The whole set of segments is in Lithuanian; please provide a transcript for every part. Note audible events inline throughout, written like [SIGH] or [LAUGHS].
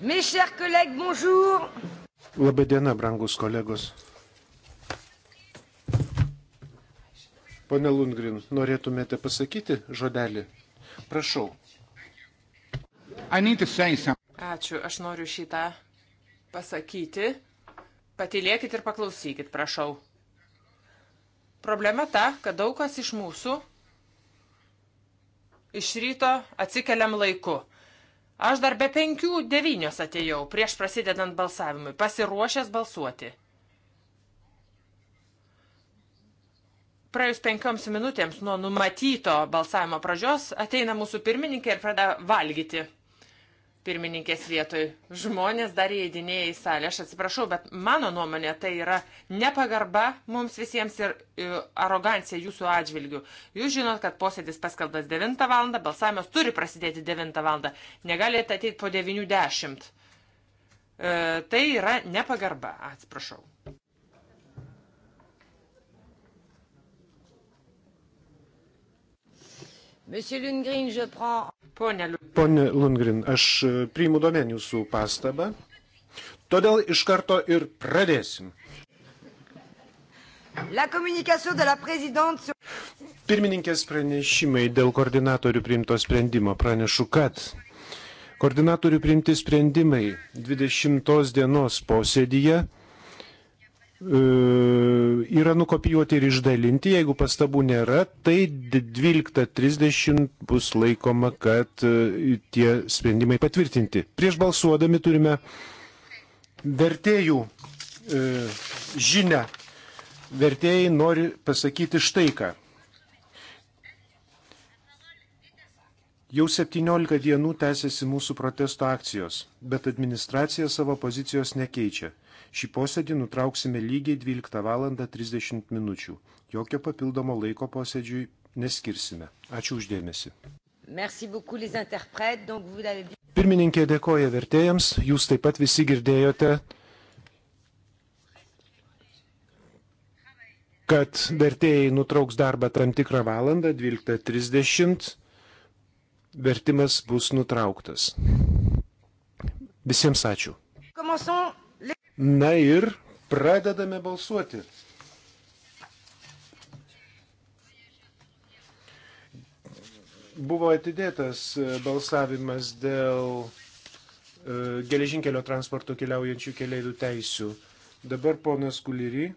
Mes chers collègues, bonjour. Labai diena, brangus kolegos. Pone Lundgren, norėtumėte pasakyti žodelį? Prašau. Ačiū, aš noriu šitą pasakyti. Patylėkit ir paklausykit, prašau. Problema ta, kad daug kas iš mūsų iš ryto atsikeliam laiku Aš dar be penkių devynios atėjau, prieš prasidedant balsavimui, pasiruošęs balsuoti. Praėjus penkioms minutėms nuo numatyto balsavimo pradžios ateina mūsų pirmininkė ir pradeda valgyti pirmininkės vietoj. Žmonės dar įeidinėja į salę. Aš atsiprašau, bet mano nuomonė tai yra nepagarba mums visiems ir e, arogancija jūsų atžvilgių. Jūs žinot, kad posėdis paskaldas 9 val. balsavimas turi prasidėti 9 val. Negalite ateiti po 90. E, tai yra nepagarba, atsiprašau. Pone Lundgren, aš e, priimu domen jūsų pastabą, todėl iš karto ir pradėsim. Pirmininkės pranešimai dėl koordinatorių priimto sprendimo pranešu, kad koordinatorių priimti sprendimai 20 dienos posėdyje E, yra nukopijuoti ir išdalinti, jeigu pastabų nėra, tai 12.30 bus laikoma, kad e, tie sprendimai patvirtinti. Prieš balsuodami turime vertėjų e, žinę. Vertėjai nori pasakyti štai ką. Jau 17 dienų tęsiasi mūsų protesto akcijos, bet administracija savo pozicijos nekeičia. Šį posėdį nutrauksime lygiai 12 val. 30 min. Jokio papildomo laiko posėdžiui neskirsime. Ačiū uždėmesi. Pirmininkė dėkoja vertėjams, jūs taip pat visi girdėjote, kad vertėjai nutrauks darbą tam tikrą valandą, 12.30, vertimas bus nutrauktas. Visiems ačiū. Commençons Na ir pradedame balsuoti. Buvo atidėtas e, balsavimas dėl e, geležinkelio transporto keliaujančių keliaivių teisių. Dabar ponas Kuliry e,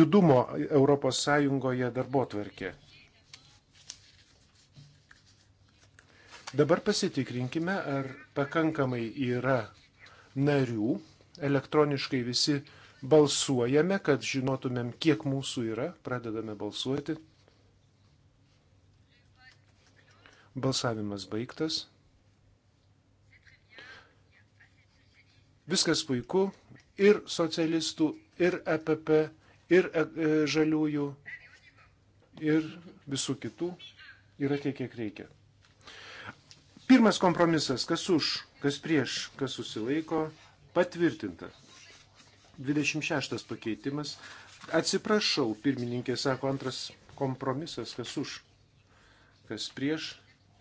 judumo Europos Sąjungoje darbo tvarkė. Dabar pasitikrinkime, ar pakankamai yra narių. Elektroniškai visi balsuojame, kad žinotumėm, kiek mūsų yra. Pradedame balsuoti. Balsavimas baigtas. Viskas puiku. Ir socialistų, ir EPP, ir e, e, žaliųjų, ir visų kitų yra tiek, kiek reikia. Pirmas kompromisas, kas už, kas prieš, kas susilaiko, patvirtinta. 26 pakeitimas. Atsiprašau, pirmininkė sako antras kompromisas, kas už, kas prieš,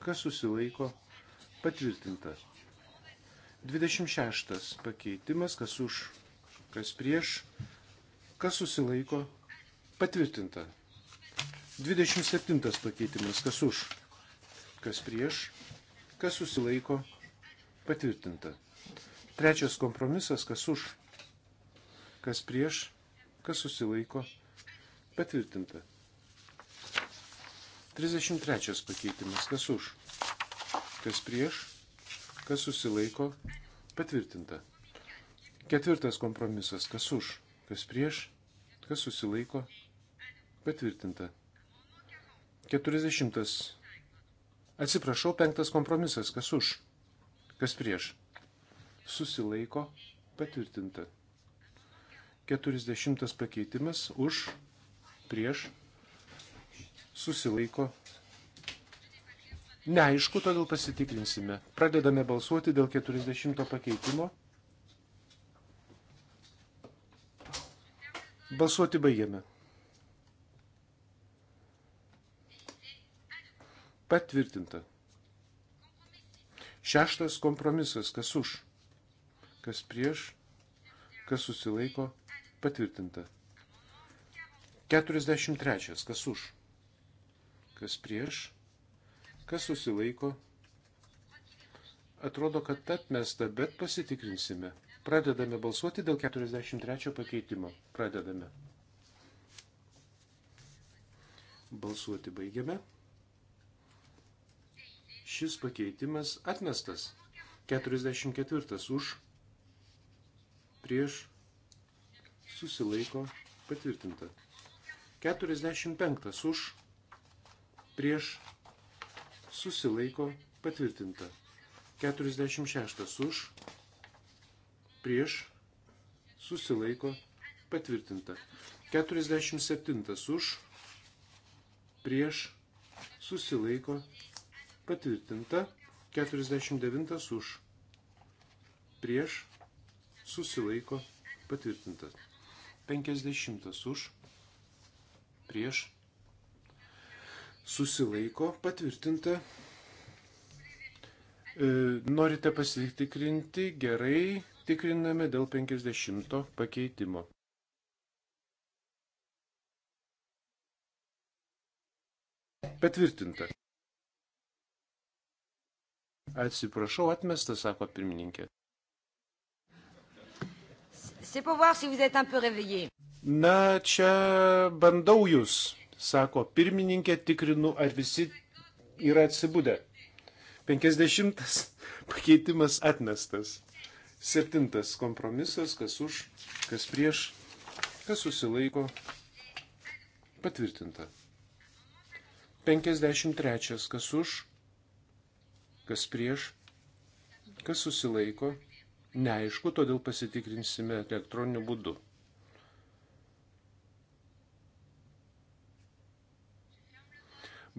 kas susilaiko, patvirtinta. 26 pakeitimas, kas už, kas prieš, kas susilaiko, patvirtinta. 27 pakeitimas, kas už, kas prieš, kas susilaiko, patvirtinta. Trečias kompromisas, kas už, kas prieš, kas susilaiko, patvirtinta. 33 pakeitimas, kas už, kas prieš, kas susilaiko, patvirtinta. Ketvirtas kompromisas, kas už, kas prieš, kas susilaiko, patvirtinta. 40 Atsiprašau, penktas kompromisas. Kas už? Kas prieš? Susilaiko patvirtinta. Keturisdešimtas pakeitimas už, prieš, susilaiko. Neaišku, todėl pasitikrinsime. Pradedame balsuoti dėl keturisdešimto pakeitimo. Balsuoti baigiame. Patvirtinta. Šeštas kompromisas. Kas už? Kas prieš? Kas susilaiko? Patvirtinta. 43. Kas už? Kas prieš? Kas susilaiko? Atrodo, kad atmesta, bet pasitikrinsime. Pradedame balsuoti dėl 43 pakeitimo. Pradedame. Balsuoti baigiame. Šis pakeitimas atmestas. 44 už, prieš, susilaiko, patvirtinta. 45 už, prieš, susilaiko, patvirtinta. 46 už, prieš, susilaiko, patvirtinta. 47 už, prieš, susilaiko, patvirtinta 49 už, prieš susilaiko patvirtintas 50 už, prieš susilaiko patvirtinta. E, norite pasitikrinti, gerai, tikriname dėl 50 pakeitimo. Patvirtinta. Atsiprašau, atmestas, sako pirmininkė. Na, čia bandau jūs, sako pirmininkė, tikrinu, ar visi yra atsibudę. 50 [LAUGHS] pakeitimas atmestas. 7 kompromisas, kas už, kas prieš, kas susilaiko. Patvirtinta. 53 kas už, kas prieš, kas susilaiko, neaišku, todėl pasitikrinsime elektroniniu būdu.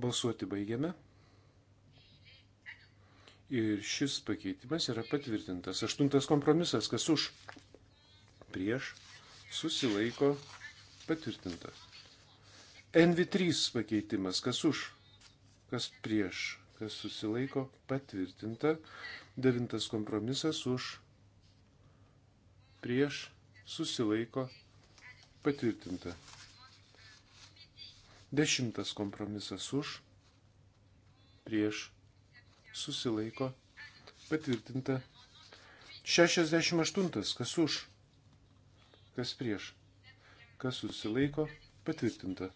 Balsuoti baigiame. Ir šis pakeitimas yra patvirtintas. Aštuntas kompromisas, kas už, prieš, susilaiko, patvirtintas. NV3 pakeitimas, kas už, kas prieš, kas susilaiko patvirtinta. Devintas kompromisas už prieš susilaiko patvirtinta. Dešimtas kompromisas už prieš susilaiko patvirtinta. 68. Kas už? Kas prieš? Kas susilaiko? Patvirtinta.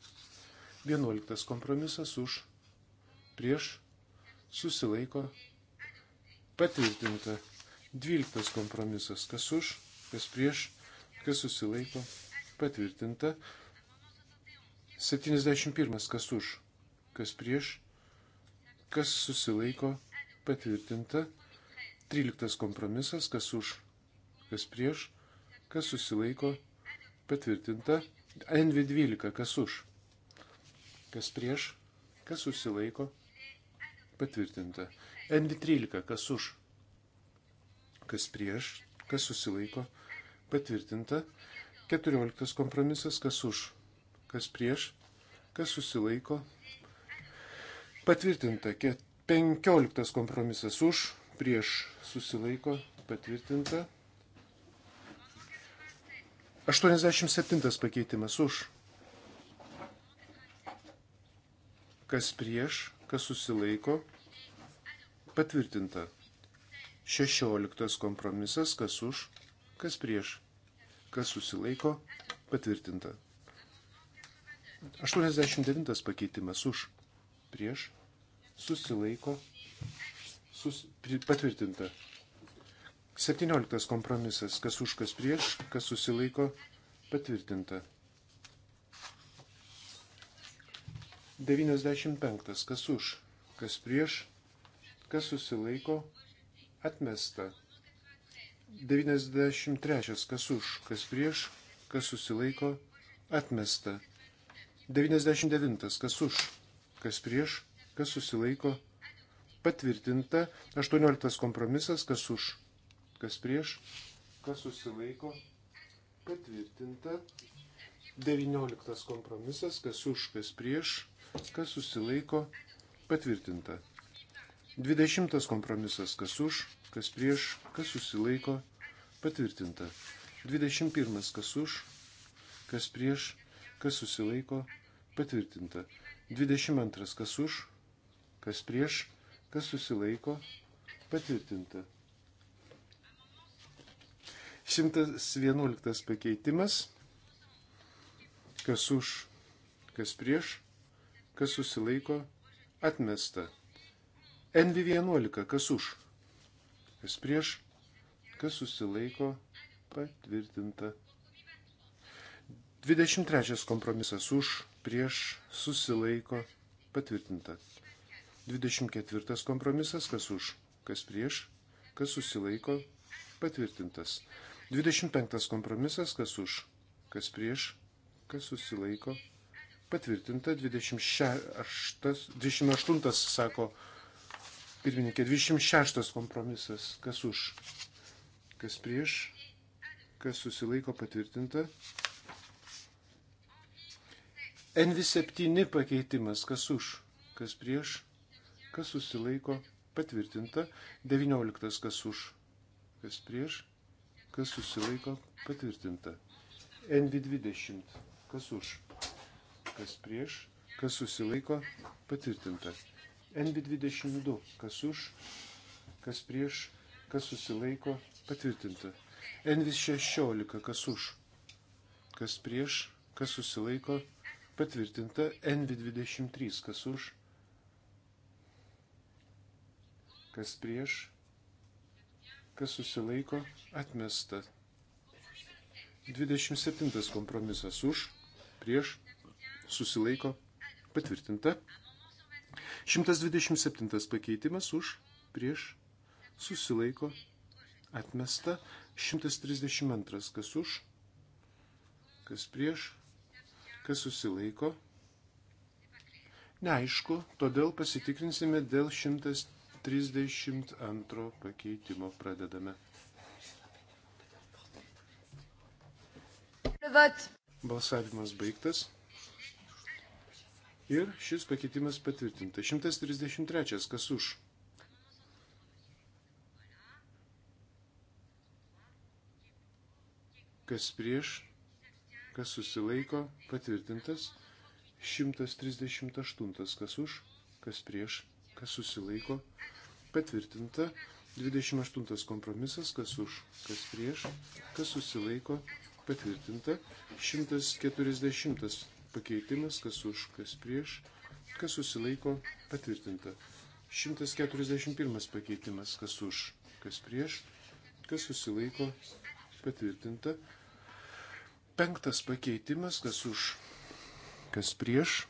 11. Kompromisas už. Prieš susilaiko patvirtinta. Dvyliktas kompromisas, kas už, kas prieš, kas susilaiko patvirtinta. 71, kas už, kas prieš, kas susilaiko patvirtinta. Tryliktas kompromisas, kas už, kas prieš, kas susilaiko patvirtinta. NV12, kas už, kas prieš, kas susilaiko patvirtinta patvirtinta. NV13, kas už, kas prieš, kas susilaiko, patvirtinta. 14 kompromisas, kas už, kas prieš, kas susilaiko, patvirtinta. 15 kompromisas už, prieš, susilaiko, patvirtinta. 87 pakeitimas už. Kas prieš, kas susilaiko, Patvirtinta. Šešioliktas kompromisas, kas už, kas prieš, kas susilaiko, patvirtinta. 89 pakeitimas už, prieš, susilaiko, sus, patvirtinta. 17 kompromisas, kas už, kas prieš, kas susilaiko, patvirtinta. 95, kas už, kas prieš, kas susilaiko, atmesta. 93, kas už, kas prieš, kas susilaiko, atmesta. 99, kas už, kas prieš, kas susilaiko, patvirtinta. 18 kompromisas, kas už, kas prieš, kas susilaiko, patvirtinta. 19 kompromisas, kas už, kas prieš, kas susilaiko, patvirtinta. Dvidešimtas kompromisas, kas už, kas prieš, kas susilaiko, patvirtinta. Dvidešimt pirmas, kas už, kas prieš, kas susilaiko, patvirtinta. Dvidešimt antras, kas už, kas prieš, kas susilaiko, patvirtinta. 111 pakeitimas, kas už, kas prieš, kas susilaiko, atmesta. NV11, kas už, kas prieš, kas susilaiko, patvirtinta. 23 kompromisas už, prieš, susilaiko, patvirtinta. 24 kompromisas, kas už, kas prieš, kas susilaiko, patvirtintas. 25 kompromisas, kas už, kas prieš, kas susilaiko, patvirtinta. 26, 28, sako Pirmininkė, 26 kompromisas. Kas už? Kas prieš? Kas susilaiko patvirtinta? NV7 pakeitimas. Kas už? Kas prieš? Kas susilaiko patvirtinta? 19. Kas už? Kas prieš? Kas susilaiko patvirtinta? NV20. Kas už? Kas prieš? Kas susilaiko patvirtinta? NV22, kas už, kas prieš, kas susilaiko, patvirtinta. NV16, kas už, kas prieš, kas susilaiko, patvirtinta. NV23, kas už, kas prieš, kas susilaiko, atmesta. 27 kompromisas už, prieš, susilaiko, patvirtinta. 127 pakeitimas už, prieš, susilaiko, atmesta. 132 kas už, kas prieš, kas susilaiko. Neaišku, todėl pasitikrinsime dėl 132 pakeitimo. Pradedame. Balsavimas baigtas. Ir šis pakeitimas patvirtinta. 133. Kas už? Kas prieš? Kas susilaiko? Patvirtintas. 138. Kas už? Kas prieš? Kas susilaiko? Patvirtinta. 28 kompromisas, kas už, kas prieš, kas susilaiko, patvirtinta. 140 pakeitimas, kas už, kas prieš, kas susilaiko, patvirtinta. 141 pakeitimas, kas už, kas prieš, kas susilaiko, patvirtinta. Penktas pakeitimas, kas už, kas prieš,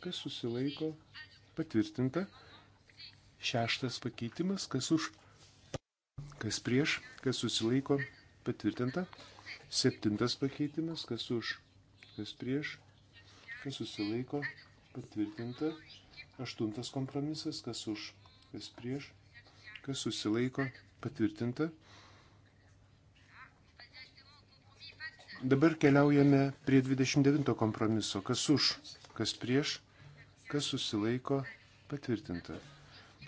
kas susilaiko, patvirtinta. Šeštas pakeitimas, kas už, kas prieš, kas susilaiko, patvirtinta. Septintas pakeitimas, kas už, kas prieš, prieš susilaiko patvirtinta. Aštuntas kompromisas, kas už, kas prieš, kas susilaiko patvirtinta. Dabar keliaujame prie 29 kompromiso, kas už, kas prieš, kas susilaiko patvirtinta.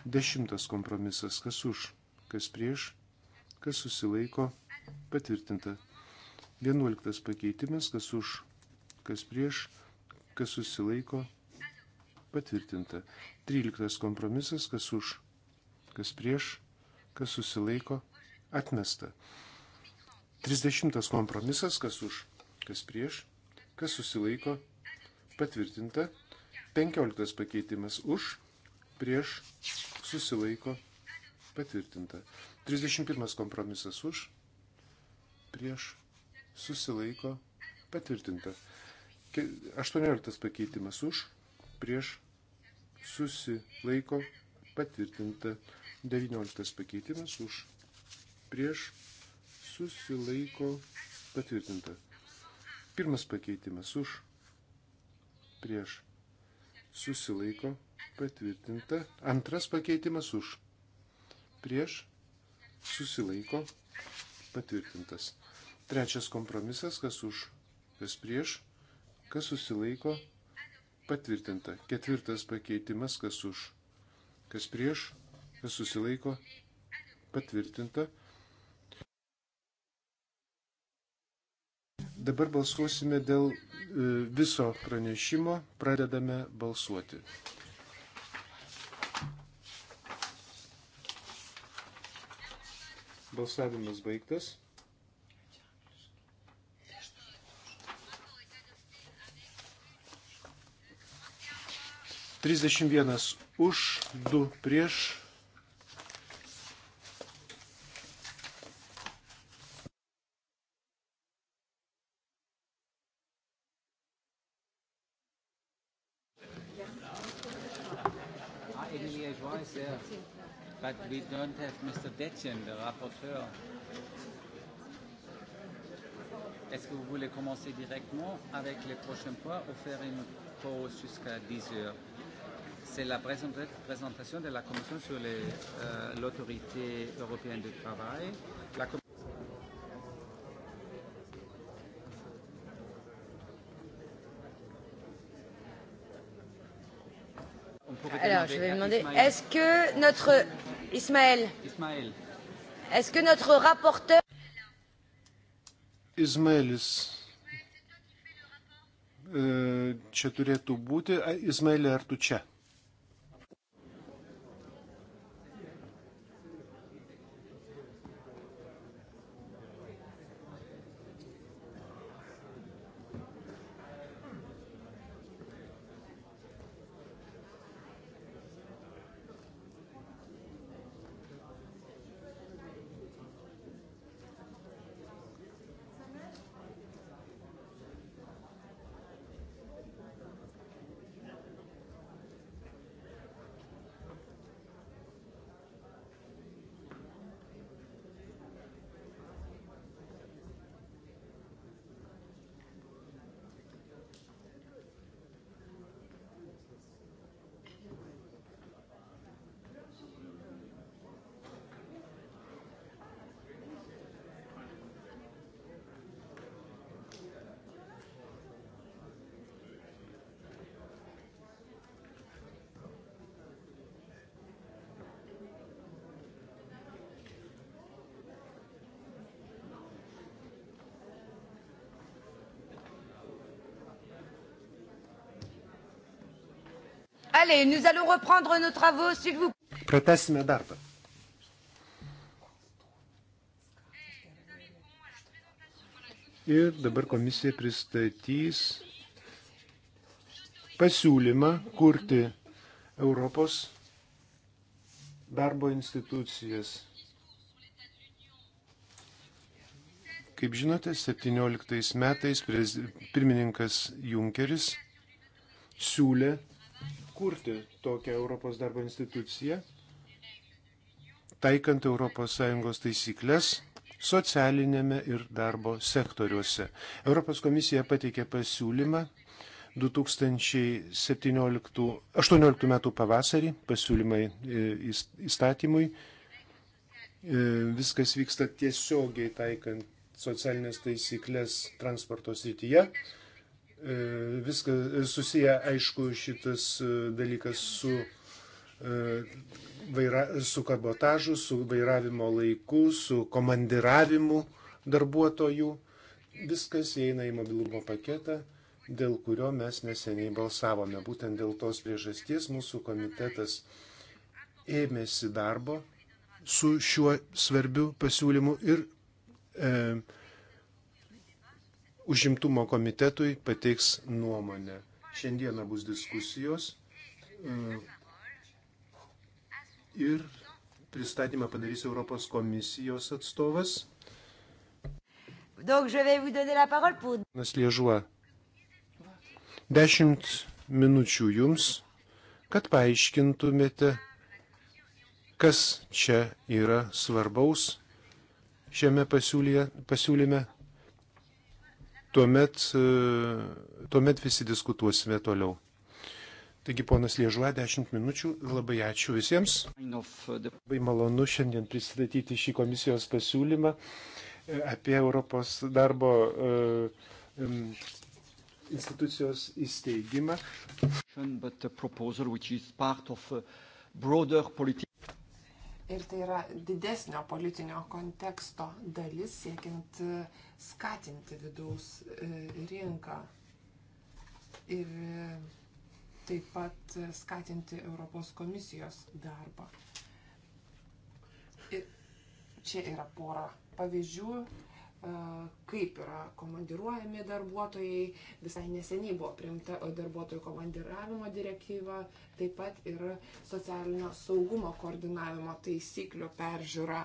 Dešimtas kompromisas, kas už, kas prieš, kas susilaiko patvirtinta. Vienuoliktas pakeitimas, kas už, kas prieš, kas kas susilaiko, patvirtinta. 13 kompromisas, kas už, kas prieš, kas susilaiko, atmesta. 30 kompromisas, kas už, kas prieš, kas susilaiko, patvirtinta. 15 pakeitimas už, prieš, susilaiko, patvirtinta. 31 kompromisas už, prieš, susilaiko, patvirtinta. 18 pakeitimas už, prieš, susilaiko, patvirtinta. 19 pakeitimas už, prieš, susilaiko, patvirtinta. Pirmas pakeitimas už, prieš, susilaiko, patvirtinta. Antras pakeitimas už, prieš, susilaiko, patvirtintas. Trečias kompromisas, kas už, kas prieš, Kas susilaiko? Patvirtinta. Ketvirtas pakeitimas. Kas už? Kas prieš? Kas susilaiko? Patvirtinta. Dabar balsuosime dėl e, viso pranešimo. Pradedame balsuoti. Balsavimas baigtas. 31 už, 2 prieš. But we don't have Mr. Detjen, the rapporteur. Est-ce que vous voulez commencer directement avec les prochains points ou faire une pause jusqu'à 10 heures C'est la présentation de la Commission sur euh, l'autorité euh, européenne du travail. La Alors, je vais demander, est-ce que notre... Ismaël. Ismaël. Est-ce que notre rapporteur... Izmaelis. Euh, čia turėtų būti. Izmaelė, ar tu čia? Allez, nous allons reprendre nos travaux, s'il vous plaît. Pratęsime darbą. Ir dabar komisija pristatys pasiūlymą kurti Europos darbo institucijas. Kaip žinote, 17 metais pirmininkas Junkeris siūlė kurti tokią Europos darbo instituciją, taikant ES taisyklės socialinėme ir darbo sektoriuose. Europos komisija pateikė pasiūlymą 2018 m. pavasarį pasiūlymai e, įstatymui. E, viskas vyksta tiesiogiai taikant socialinės taisyklės transporto srityje viskas e, susiję, aišku, šitas e, dalykas su, e, vaira, su kabotažu, su vairavimo laiku, su komandiravimu darbuotojų. Viskas įeina į mobilumo paketą, dėl kurio mes neseniai balsavome. Būtent dėl tos priežasties mūsų komitetas ėmėsi darbo su šiuo svarbiu pasiūlymu ir e, užimtumo komitetui pateiks nuomonę. Šiandieną bus diskusijos e, ir pristatymą padarys Europos komisijos atstovas. Donc, je vais vous donner la parole pour. Nasliežuo. Dešimt minučių jums, kad paaiškintumėte, kas čia yra svarbaus šiame pasiūlyje, pasiūlyme tuomet, e, tuomet visi diskutuosime toliau. Taigi, ponas Liežuo, 10 minučių. Labai ačiū visiems. Labai malonu šiandien pristatyti šį komisijos pasiūlymą e, apie Europos darbo e, institucijos įsteigimą. But a proposal which is part of a broader political Ir tai yra didesnio politinio konteksto dalis siekiant e, skatinti vidaus e, rinką. Ir e, taip pat skatinti Europos komisijos darbą. Ir čia yra pora pavyzdžių kaip yra komandiruojami darbuotojai. Visai neseniai buvo priimta darbuotojų komandiravimo direktyva, taip pat ir socialinio saugumo koordinavimo taisyklių peržiūra.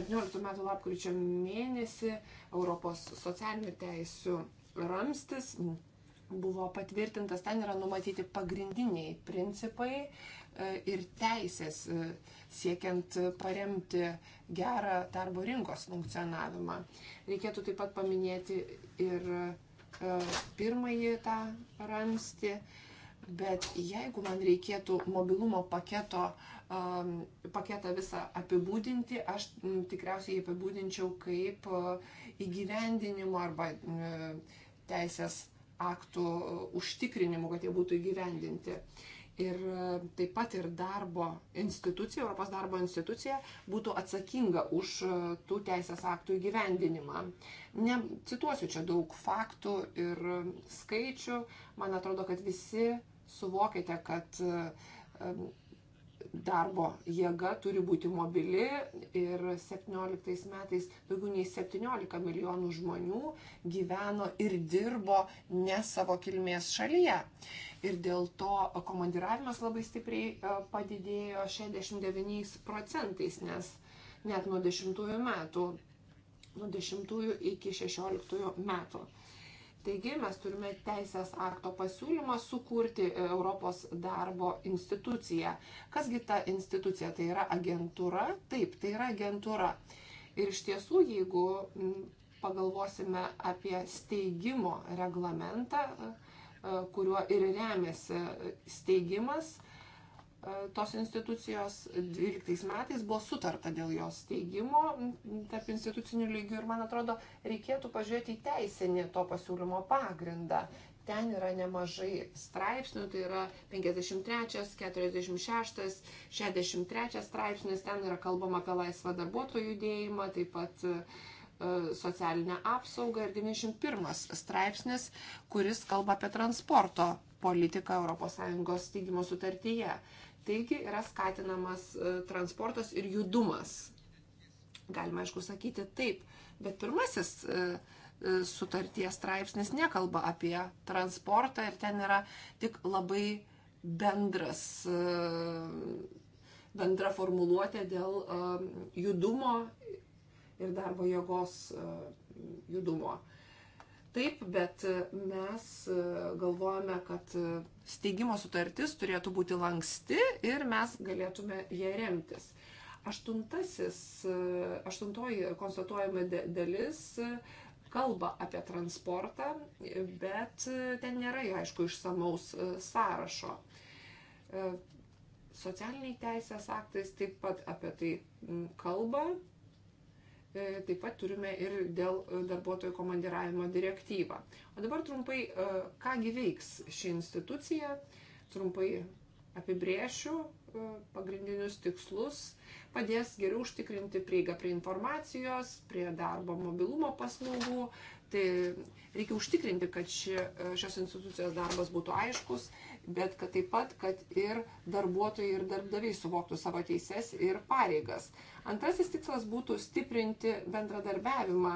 17 metų lapkričio mėnesį Europos socialinių teisių ramstis buvo patvirtintas, ten yra numatyti pagrindiniai principai E, ir teisės e, siekiant paremti gerą darbo rinkos funkcionavimą. Reikėtų taip pat paminėti ir e, pirmąjį tą ramstį, bet jeigu man reikėtų mobilumo paketo, paketą visą apibūdinti, aš tikriausiai apibūdinčiau kaip įgyvendinimo arba teisės aktų užtikrinimu, kad jie būtų įgyvendinti ir e, taip pat ir darbo institucija, Europos darbo institucija būtų atsakinga už e, tų teisės aktų įgyvendinimą. Ne, cituosiu čia daug faktų ir skaičių. Man atrodo, kad visi suvokite, kad e, darbo jėga turi būti mobili ir 17 metais daugiau nei 17 milijonų žmonių gyveno ir dirbo ne savo kilmės šalyje. Ir dėl to komandiravimas labai stipriai e, padidėjo 69 procentais, nes net nuo 10 metų, nuo 10 iki 16 metų. Taigi mes turime teisės akto pasiūlymą sukurti e, Europos darbo instituciją. Kasgi ta institucija? Tai yra agentūra? Taip, tai yra agentūra. Ir iš tiesų, jeigu pagalvosime apie steigimo reglamentą, e, kuriuo ir remiasi e, steigimas, E, tos institucijos 12 metais buvo sutarta dėl jos steigimo tarp institucinių lygių ir man atrodo reikėtų pažiūrėti į teisinį to pasiūlymo pagrindą. Ten yra nemažai straipsnių, tai yra 53, 46, 63 straipsnis, ten yra kalbama apie laisvą darbuotojų judėjimą, taip pat e, socialinę apsaugą ir 91 straipsnis, kuris kalba apie transporto politiką ES steigimo sutartyje. Taigi yra skatinamas e, transportas ir judumas. Galima, aišku, sakyti taip, bet pirmasis e, e, sutarties straipsnis nekalba apie transportą ir ten yra tik labai bendras, bendra formuluotė dėl judumo ir darbo jėgos judumo. Taip, bet e, mes e, galvojame, kad e, steigimo sutartis turėtų būti lanksti ir mes galėtume ją remtis. Aštuntasis, aštuntoji konstatuojama dalis kalba apie transportą, bet ten nėra, aišku, išsamaus sąrašo. Socialiniai teisės aktais taip pat apie tai kalba, E, taip pat turime ir dėl e, darbuotojų komandiravimo direktyvą. O dabar trumpai, e, kągi veiks ši institucija, trumpai apibrėšiu pagrindinius tikslus, padės geriau užtikrinti prieigą prie informacijos, prie darbo mobilumo paslaugų. Tai reikia užtikrinti, kad ši, šios institucijos darbas būtų aiškus, bet kad taip pat, kad ir darbuotojai ir darbdaviai suvoktų savo teises ir pareigas. Antrasis tikslas būtų stiprinti bendradarbiavimą.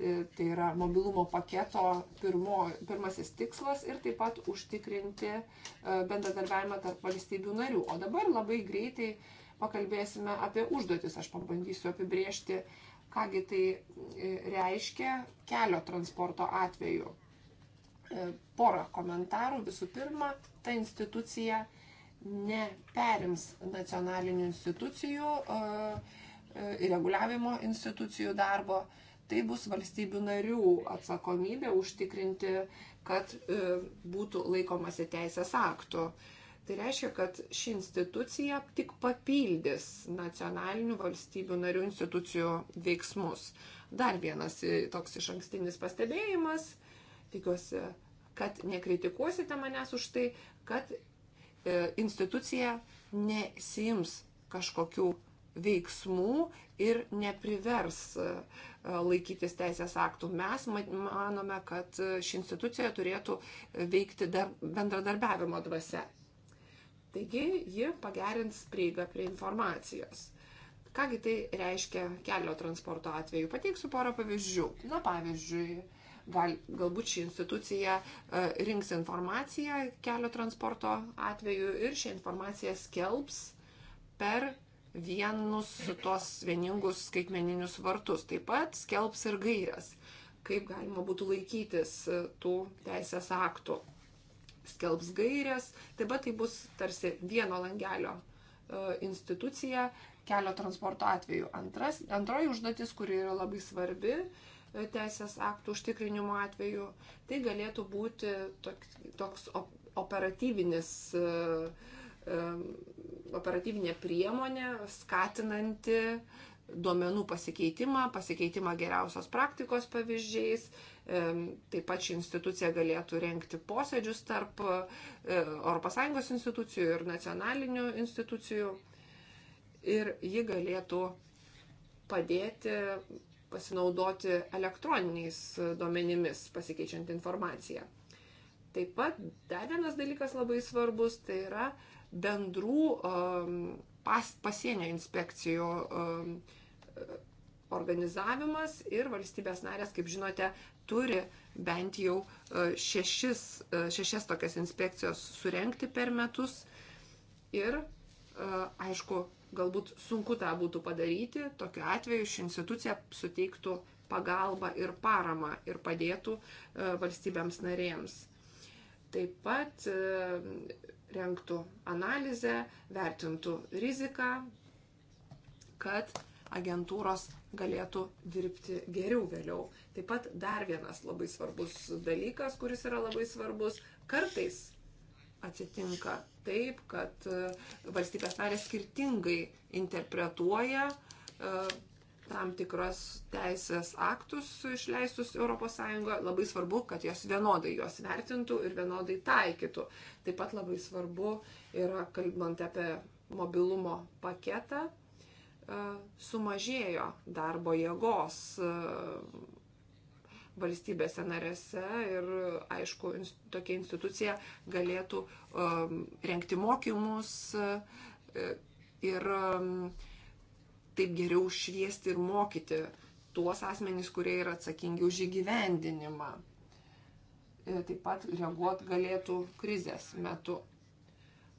E, tai yra mobilumo paketo pirmo, pirmasis tikslas ir taip pat užtikrinti e, bendradarbiavimą tarp valstybių narių. O dabar labai greitai pakalbėsime apie užduotis. Aš pabandysiu apibriežti, kągi tai e, reiškia kelio transporto atveju. E, porą komentarų. Visų pirma, ta institucija neperims nacionalinių institucijų, e, e, reguliavimo institucijų darbo. Tai bus valstybių narių atsakomybė užtikrinti, kad būtų laikomasi teisės aktų. Tai reiškia, kad ši institucija tik papildys nacionalinių valstybių narių institucijų veiksmus. Dar vienas toks iš ankstinis pastebėjimas tikiuosi, kad nekritikuosite manęs už tai, kad e, institucija nesims kažkokių veiksmų ir neprivers e, laikytis teisės aktų. Mes manome, kad e, ši institucija turėtų veikti dar bendradarbiavimo dvasia. Taigi ji pagerins prieigą prie informacijos. Kągi tai reiškia kelio transporto atveju? Pateiksiu porą pavyzdžių. Na, pavyzdžiui, gal, galbūt ši institucija e, rinks informaciją kelio transporto atveju ir šią informaciją skelbs per vienus tuos vieningus skaitmeninius vartus. Taip pat skelbs ir gairias, kaip galima būtų laikytis e, tų teisės aktų. Skelbs gairias, taip pat tai bus tarsi vieno langelio e, institucija kelio transporto atveju. Antras, antroji užduotis, kuri yra labai svarbi, teisės aktų užtikrinimo atveju. Tai galėtų būti toks operatyvinis, e, e, operatyvinė priemonė, skatinanti duomenų pasikeitimą, pasikeitimą geriausios praktikos pavyzdžiais. E, taip pat ši institucija galėtų renkti posėdžius tarp ES institucijų ir nacionalinių institucijų. Ir ji galėtų padėti pasinaudoti elektroniniais duomenimis, pasikeičiant informaciją. Taip pat dar vienas dalykas labai svarbus, tai yra bendrų um, pas, pasienio inspekcijų um, organizavimas ir valstybės narės, kaip žinote, turi bent jau uh, šešis, uh, šešias tokias inspekcijos surenkti per metus. Ir, uh, aišku, galbūt sunku tą būtų padaryti, tokiu atveju ši institucija suteiktų pagalbą ir paramą ir padėtų e, valstybėms narėms. Taip pat e, renktų analizę, vertintų riziką, kad agentūros galėtų dirbti geriau vėliau. Taip pat dar vienas labai svarbus dalykas, kuris yra labai svarbus, kartais atsitinka taip, kad e, valstybės narės skirtingai interpretuoja e, tam tikras teisės aktus išleistus ES. Labai svarbu, kad jos vienodai juos vertintų ir vienodai taikytų. Taip pat labai svarbu yra, kalbant apie mobilumo paketą, e, sumažėjo darbo jėgos valstybėse narėse ir, aišku, tokia institucija galėtų um, renkti mokymus e, ir um, taip geriau šviesti ir mokyti tuos asmenys, kurie yra atsakingi už įgyvendinimą. E, taip pat reaguot galėtų krizės metu.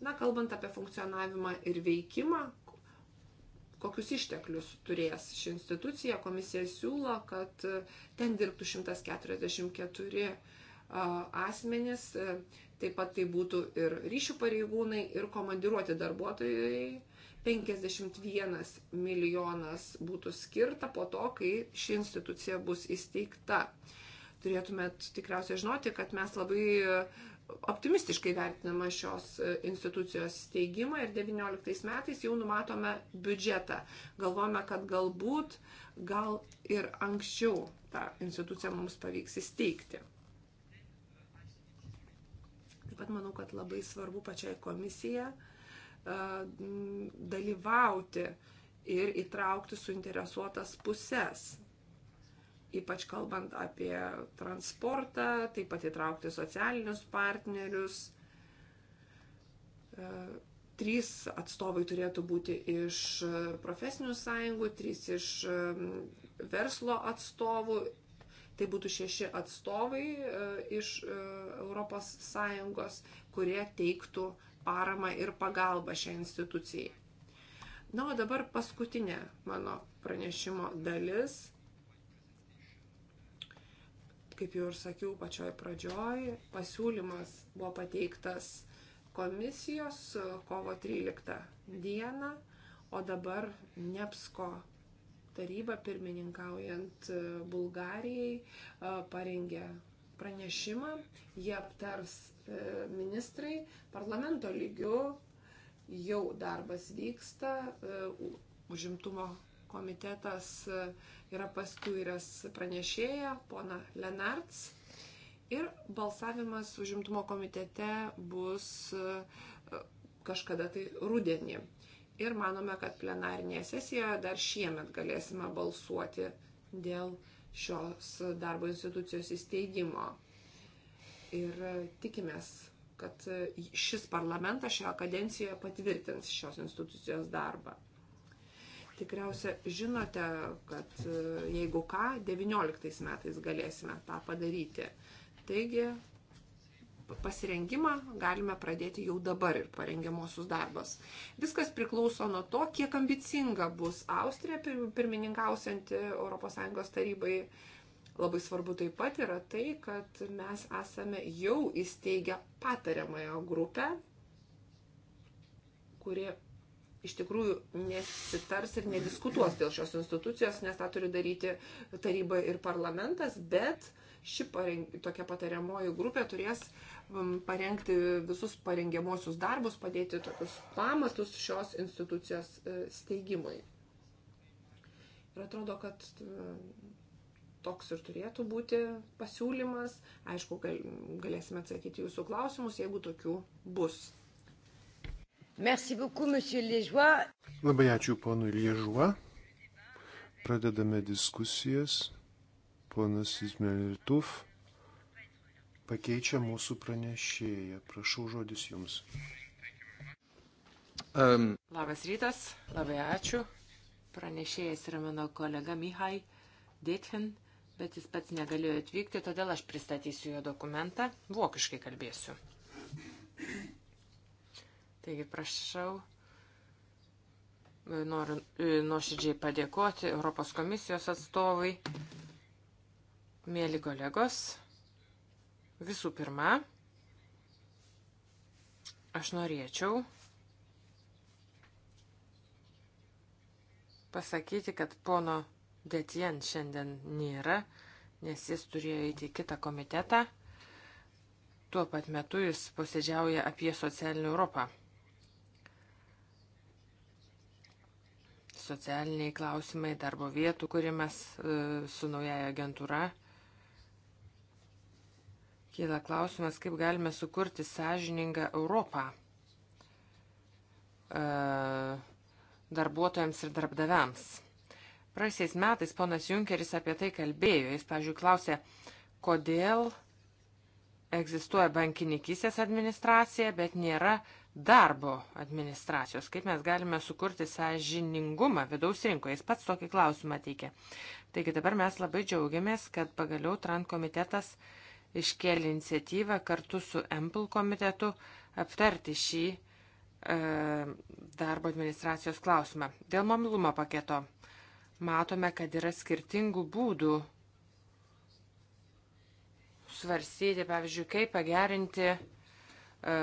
Na, kalbant apie funkcionavimą ir veikimą, kokius išteklius turės ši institucija. Komisija siūlo, kad ten dirbtų 144 asmenys, taip pat tai būtų ir ryšių pareigūnai, ir komandiruoti darbuotojai. 51 milijonas būtų skirta po to, kai ši institucija bus įsteigta. Turėtumėt tikriausiai žinoti, kad mes labai uh, optimistiškai vertinama šios e, institucijos steigimą ir 19 metais jau numatome biudžetą. Galvojame, kad galbūt gal ir anksčiau tą instituciją mums pavyks įsteigti. Taip pat manau, kad labai svarbu pačiai komisija e, dalyvauti ir įtraukti suinteresuotas puses ypač kalbant apie transportą, taip pat įtraukti socialinius partnerius. E, trys atstovai turėtų būti iš profesinių sąjungų, trys iš e, verslo atstovų. Tai būtų šeši atstovai e, iš ES, kurie teiktų paramą ir pagalbą šiai institucijai. Na, o dabar paskutinė mano pranešimo dalis Kaip jau ir sakiau pačioj pradžioj, pasiūlymas buvo pateiktas komisijos e, kovo 13 dieną, o dabar Nepsko taryba pirmininkaujant e, Bulgarijai e, parengė pranešimą, jie aptars ministrai parlamento lygių, jau darbas vyksta, užimtumo komitetas e, yra paskyręs pranešėją, pona Lenarts. Ir balsavimas užimtumo komitete bus e, kažkada tai rudenį. Ir manome, kad plenarinėje sesijoje dar šiemet galėsime balsuoti dėl šios darbo institucijos įsteigimo. Ir e, tikimės, kad šis parlamentas šioje kadencijoje patvirtins šios institucijos darbą. Tikriausia žinote, kad e, jeigu ką, 19 metais galėsime tą padaryti. Taigi pasirengimą galime pradėti jau dabar ir parengiamosius darbas. Viskas priklauso nuo to, kiek ambicinga bus Austrija pirmininkausianti ES tarybai. Labai svarbu taip pat yra tai, kad mes esame jau įsteigę patariamąją grupę, kuri iš tikrųjų nesitars ir nediskutuos dėl šios institucijos, nes tą turi daryti taryba ir parlamentas, bet ši pareng, tokia patariamoji grupė turės parengti visus parengiamosius darbus, padėti tokius pamatus šios institucijos e, steigimui. Ir atrodo, kad e, toks ir turėtų būti pasiūlymas. Aišku, gal, galėsime atsakyti jūsų klausimus, jeigu tokių bus. Merci beaucoup, monsieur Liežuo. Labai ačiū ponui Liežuo. Pradedame diskusijas. Ponas Izmelituf pakeičia mūsų pranešėją. Prašau žodis jums. Um. Labas rytas, labai ačiū. Pranešėjas yra mano kolega Mihai Dėtvin, bet jis pats negalėjo atvykti, todėl aš pristatysiu jo dokumentą, vokiškai kalbėsiu. Taigi prašau, noriu e, nuoširdžiai padėkoti Europos komisijos atstovai, mėly kolegos. Visų pirma, aš norėčiau pasakyti, kad pono Detien šiandien nėra, nes jis turėjo įti kitą komitetą. Tuo pat metu jis posėdžiauja apie socialinį Europą. socialiniai klausimai, darbo vietų kūrimas e, su naujaja agentūra. Kyla klausimas, kaip galime sukurti sąžiningą Europą e, darbuotojams ir darbdaviams. Praeisiais metais ponas Junkeris apie tai kalbėjo. Jis, pažiūrėjau, klausė, kodėl egzistuoja bankininkysės administracija, bet nėra uh, darbo administracijos, kaip mes galime sukurti sąžiningumą vidaus rinkoje. Jis pats tokį klausimą teikia. Taigi dabar mes labai džiaugiamės, kad pagaliau TRAN komitetas iškėlė iniciatyvą kartu su EMPL komitetu aptarti šį e, darbo administracijos klausimą. Dėl mobilumo paketo matome, kad yra skirtingų būdų svarstyti, pavyzdžiui, kaip pagerinti E,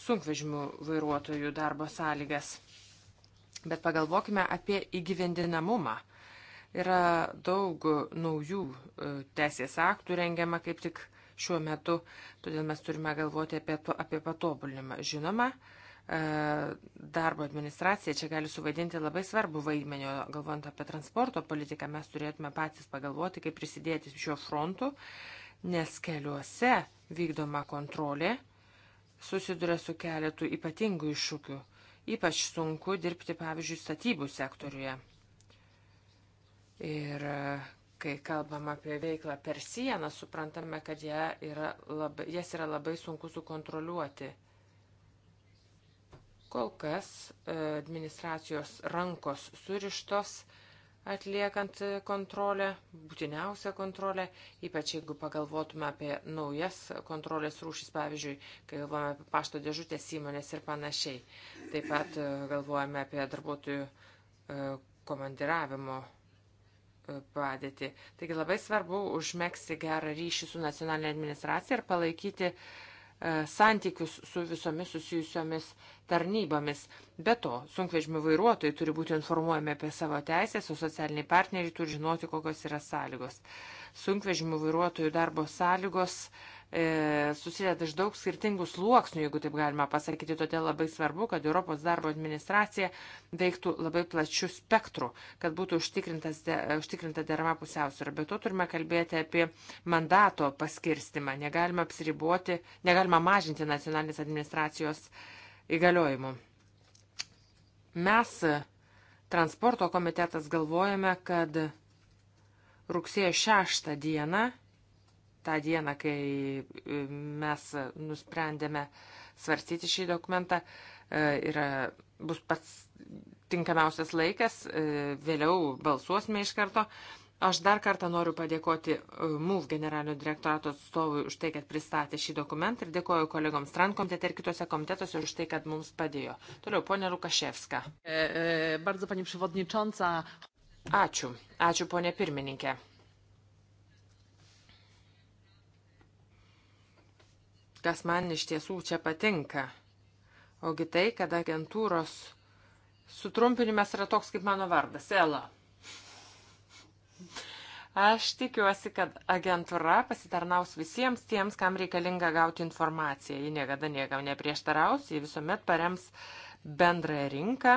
sunkvežimių vairuotojų darbo sąlygas. Bet pagalvokime apie įgyvendinamumą. Yra daug naujų e, teisės aktų rengiama kaip tik šiuo metu, todėl mes turime galvoti apie, to, apie patobulinimą. Žinoma, e, darbo administracija čia gali suvaidinti labai svarbu vaidmenio, galvojant apie transporto politiką, mes turėtume patys pagalvoti, kaip prisidėti šiuo frontu, nes keliuose vykdoma kontrolė susiduria su keletu ypatingų iššūkių. Ypač sunku dirbti, pavyzdžiui, statybų sektoriuje. Ir e, kai kalbam apie veiklą per sieną, suprantame, kad ją yra labai, jas yra labai sunku sukontroliuoti. Kol kas e, administracijos rankos surištos, atliekant kontrolę, būtiniausią kontrolę, ypač jeigu pagalvotume apie naujas kontrolės rūšis, pavyzdžiui, kai galvojame apie pašto dėžutės įmonės ir panašiai. Taip pat e, galvojame apie darbuotojų e, komandiravimo e, padėtį. Taigi labai svarbu užmėgsti gerą ryšį su nacionalinė administracija ir palaikyti uh, E, santykius su visomis susijusiomis tarnybomis. Be to, sunkvežimių vairuotojai turi būti informuojami apie savo teisės, o socialiniai partneriai turi žinoti, kokios yra sąlygos. Sunkvežimių vairuotojų darbo sąlygos uh, E, susideda iš daug skirtingų sluoksnių, jeigu taip galima pasakyti. Todėl labai svarbu, kad Europos darbo administracija veiktų labai plačių spektrų, kad būtų de, užtikrinta derama pusiausvėra. Bet to turime kalbėti apie mandato paskirstimą. Negalima apsiriboti, negalima mažinti nacionalinės administracijos įgaliojimų. Mes, transporto komitetas, galvojame, kad rugsėjo 6 dieną tą dieną, kai e, mes nusprendėme svarstyti šį dokumentą, e, yra, bus pats tinkamiausias laikas, e, vėliau balsuosime iš karto. Aš dar kartą noriu padėkoti MUV generalinio direktorato atstovui už tai, kad pristatė šį dokumentą ir dėkoju kolegoms Tran komitete ir kitose komitetuose už tai, kad mums padėjo. Toliau, ponė Lukaševska. E, e, bardzo, Ačiū. Ačiū, ponė pirmininkė. kas man iš tiesų čia patinka. Ogi tai, kad agentūros sutrumpinimas yra toks kaip mano vardas - Ela. Aš tikiuosi, kad agentūra pasitarnaus visiems tiems, kam reikalinga gauti informaciją. Ji niekada niekam neprieštaraus, ji visuomet parems bendrąją rinką,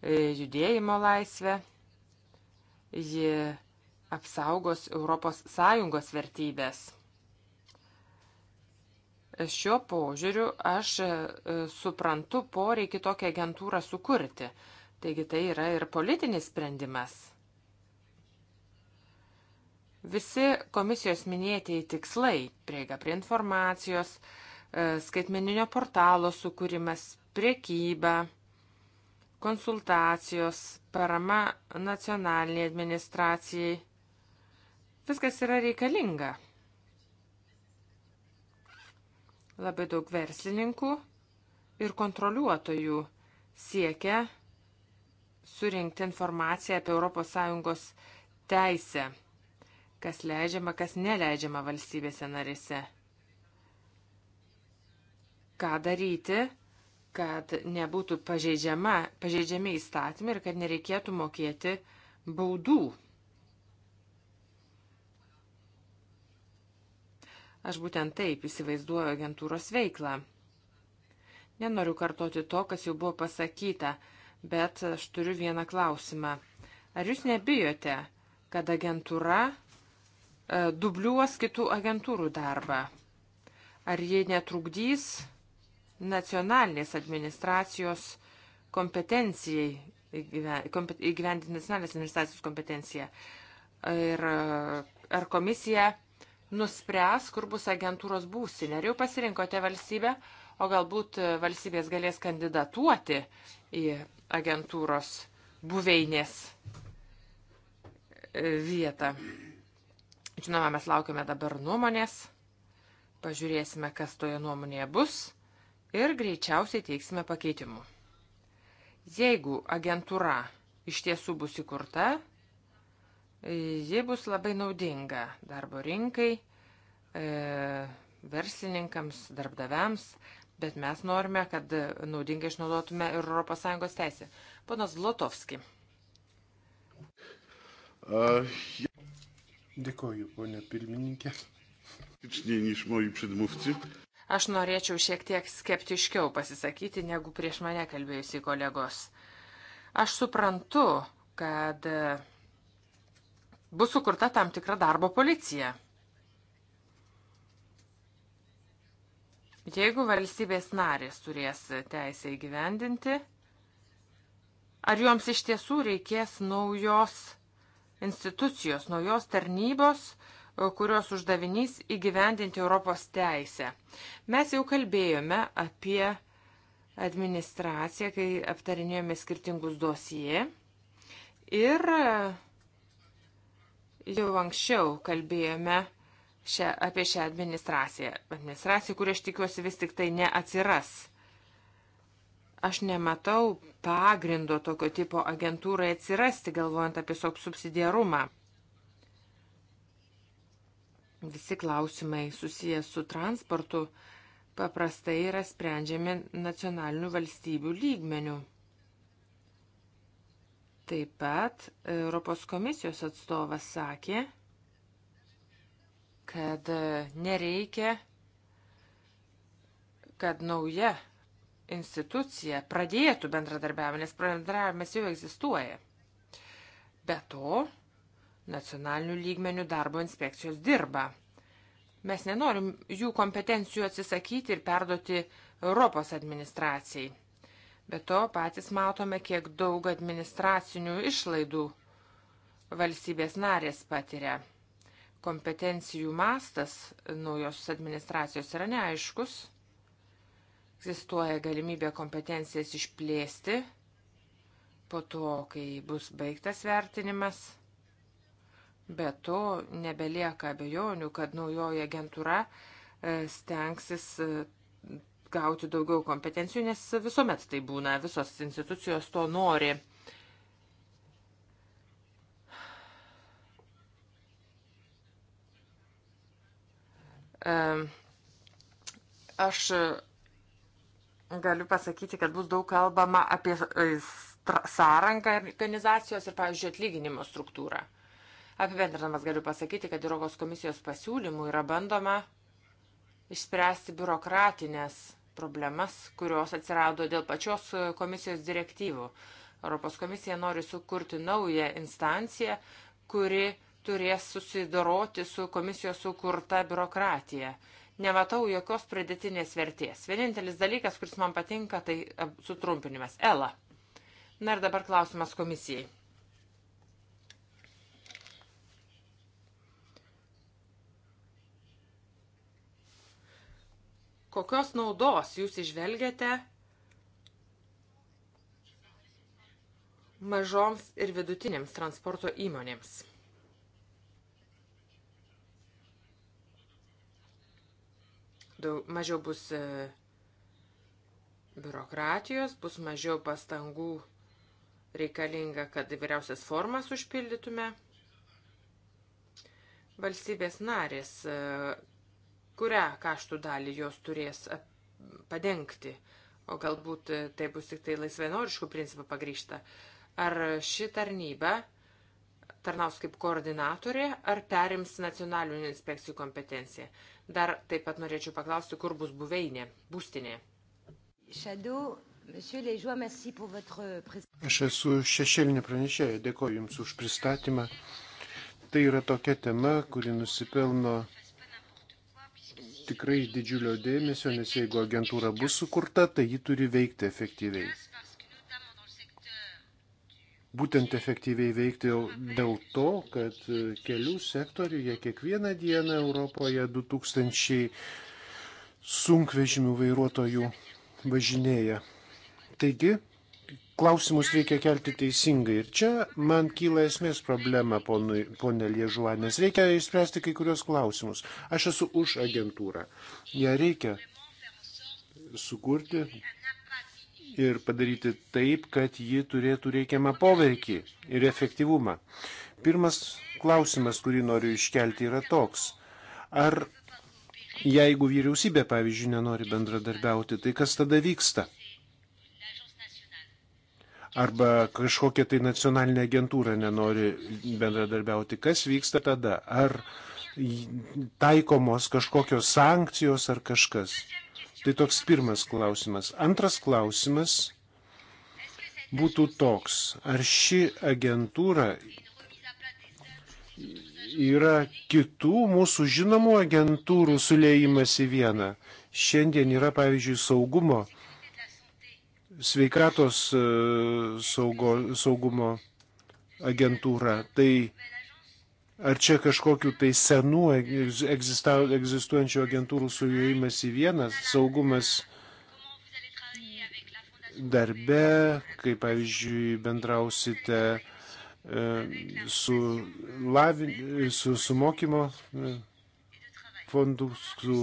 e, judėjimo laisvę. Ji apsaugos ES vertybės. Šiuo požiūriu aš e, suprantu poreikį tokią agentūrą sukurti. Taigi tai yra ir politinis sprendimas. Visi komisijos minėtieji tikslai - prieiga prie informacijos, e, skaitmeninio portalo sukūrimas, priekyba, konsultacijos, parama nacionaliniai administracijai - viskas yra reikalinga. Labai daug verslininkų ir kontroliuotojų siekia surinkti informaciją apie ES teisę, kas leidžiama, kas neleidžiama valstybėse narėse. Ką daryti, kad nebūtų pažeidžiami įstatymai ir kad nereikėtų mokėti baudų Aš būtent taip įsivaizduoju agentūros veiklą. Nenoriu kartoti to, kas jau buvo pasakyta, bet aš turiu vieną klausimą. Ar jūs nebijote, kad agentūra e, dubliuos kitų agentūrų darbą? Ar jie netrukdys nacionalinės administracijos kompetencijai, įgyvendinti nacionalinės administracijos kompetenciją? Ir e, ar komisija nuspręs, kur bus agentūros būsinė. Ar jau pasirinkote valstybę, o galbūt valstybės galės kandidatuoti į agentūros buveinės e, vietą. Žinoma, mes laukiame dabar nuomonės, pažiūrėsime, kas toje nuomonėje bus ir greičiausiai teiksime pakeitimų. Jeigu agentūra iš tiesų bus įkurta, Ji bus labai naudinga darbo rinkai, e, versininkams, darbdaviams, bet mes norime, kad naudingai išnaudotume ir ES teisę. Ponas Zlotovski. Dėkoju, ponė pirmininkė. Aš norėčiau šiek tiek skeptiškiau pasisakyti, negu prieš mane kalbėjusi kolegos. Aš suprantu, kad uh, bus sukurta tam tikra darbo policija. Jeigu valstybės narės turės teisę įgyvendinti, ar joms iš tiesų reikės naujos institucijos, naujos tarnybos, kurios uždavinys įgyvendinti Europos teisę. Mes jau kalbėjome apie administraciją, kai aptarinėjome skirtingus dosijai ir Jau anksčiau kalbėjome šia, apie šią administraciją. Administraciją, kuri aš tikiuosi vis tik tai neatsiras. Aš nematau pagrindo tokio tipo agentūrai atsirasti, galvojant apie subsidiarumą. Visi klausimai susijęs su transportu paprastai yra sprendžiami nacionalinių valstybių lygmenių. Taip pat Europos komisijos atstovas sakė, kad nereikia, kad nauja institucija pradėtų bendradarbiavimą, nes bendradarbiavimas jau egzistuoja. Be to, nacionalinių lygmenių darbo inspekcijos dirba. Mes nenorim jų kompetencijų atsisakyti ir perduoti Europos administracijai. Be to patys matome, kiek daug administracinių išlaidų valstybės narės patiria. Kompetencijų mastas naujos administracijos yra neaiškus. Egzistuoja galimybė kompetencijas išplėsti po to, kai bus baigtas vertinimas. Be to, nebelieka abejonių, kad naujoji agentūra e, stengsis e, gauti daugiau kompetencijų, nes visuomet tai būna, visos institucijos to nori. Aš galiu pasakyti, kad bus daug kalbama apie e, sąrangą organizacijos ir, pavyzdžiui, atlyginimo struktūrą. Apibendrinamas galiu pasakyti, kad Europos komisijos pasiūlymų yra bandoma išspręsti biurokratinės problemas, kurios atsirado dėl pačios komisijos direktyvų. Europos komisija nori sukurti naują instanciją, kuri turės susidoroti su komisijos sukurta biurokratija. Nematau jokios pridėtinės vertės. Vienintelis dalykas, kuris man patinka, tai sutrumpinimas. ELA. Na ir dabar klausimas komisijai. Kokios naudos jūs išvelgiate mažoms ir vidutinėms transporto įmonėms? Daug, mažiau bus e, biurokratijos, bus mažiau pastangų reikalinga, kad įvairiausias formas užpildytume. Valstybės narės e, kurią kaštų dalį jos turės padengti, o galbūt e, tai bus tik tai laisvanoriškų principų pagrįžta. Ar ši tarnyba tarnaus kaip koordinatorė, ar perims nacionalinių inspekcijų kompetenciją? Dar taip pat norėčiau paklausti, kur bus buveinė, būstinė. Shadow Aš esu šešėlinė pranešėja, dėkoju Jums už pristatymą. Tai yra tokia tema, kuri nusipelno tikrai didžiulio dėmesio, nes jeigu agentūra bus sukurta, tai ji turi veikti efektyviai. Būtent efektyviai veikti dėl to, kad kelių sektoriuje kiekvieną dieną Europoje 2000 sunkvežimių vairuotojų važinėja. Taigi, klausimus reikia kelti teisingai. Ir čia man kyla esmės problema, ponė Liežuva, nes reikia išspręsti kai kurios klausimus. Aš esu už agentūrą. Ja reikia sukurti ir padaryti taip, kad ji turėtų reikiamą poveikį ir efektyvumą. Pirmas klausimas, kurį noriu iškelti, yra toks. Ar jeigu vyriausybė, pavyzdžiui, nenori bendradarbiauti, tai kas tada vyksta? arba kažkokia tai nacionalinė agentūra nenori bendradarbiauti, kas vyksta tada? Ar taikomos kažkokios sankcijos ar kažkas? Tai toks pirmas klausimas. Antras klausimas būtų toks, ar ši agentūra yra kitų mūsų žinomų agentūrų suleimas į vieną. Šiandien yra, pavyzdžiui, saugumo uh, sveikatos e, saugo, saugumo agentūra. Tai ar čia kažkokiu tai senų egzistuojančių agentūrų sujojimas į vieną, saugumas darbe, kaip pavyzdžiui bendrausite e, su, lavi, su, su mokymo e, fondu, su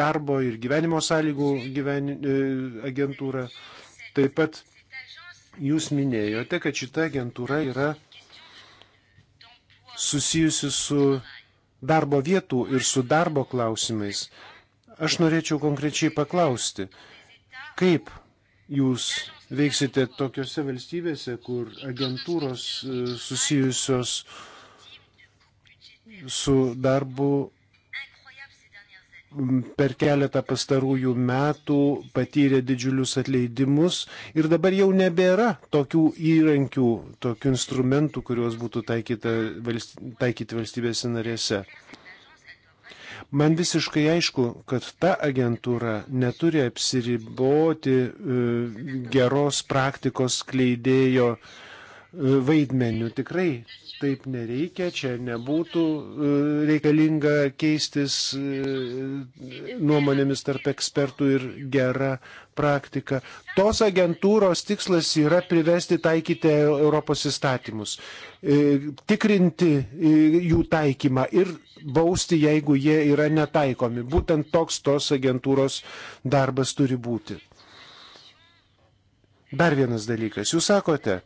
darbo ir gyvenimo sąlygų gyveni, e, agentūra. Taip pat jūs minėjote, kad šita agentūra yra susijusi su darbo vietų ir su darbo klausimais. Aš norėčiau konkrečiai paklausti, kaip jūs veiksite tokiuose valstybėse, kur agentūros e, susijusios su darbu per keletą pastarųjų metų patyrė didžiulius atleidimus ir dabar jau nebėra tokių įrankių, tokių instrumentų, kuriuos būtų taikyta, valst, taikyti valstybėse narėse. Man visiškai aišku, kad ta agentūra neturi apsiriboti e, geros praktikos kleidėjo e, vaidmenių. Tikrai taip nereikia, čia nebūtų e, reikalinga keistis e, nuomonėmis tarp ekspertų ir gera praktika. Tos agentūros tikslas yra privesti taikyti Europos įstatymus, e, tikrinti jų taikymą ir bausti, jeigu jie yra netaikomi. Būtent toks tos agentūros darbas turi būti. Dar vienas dalykas. Jūs sakote,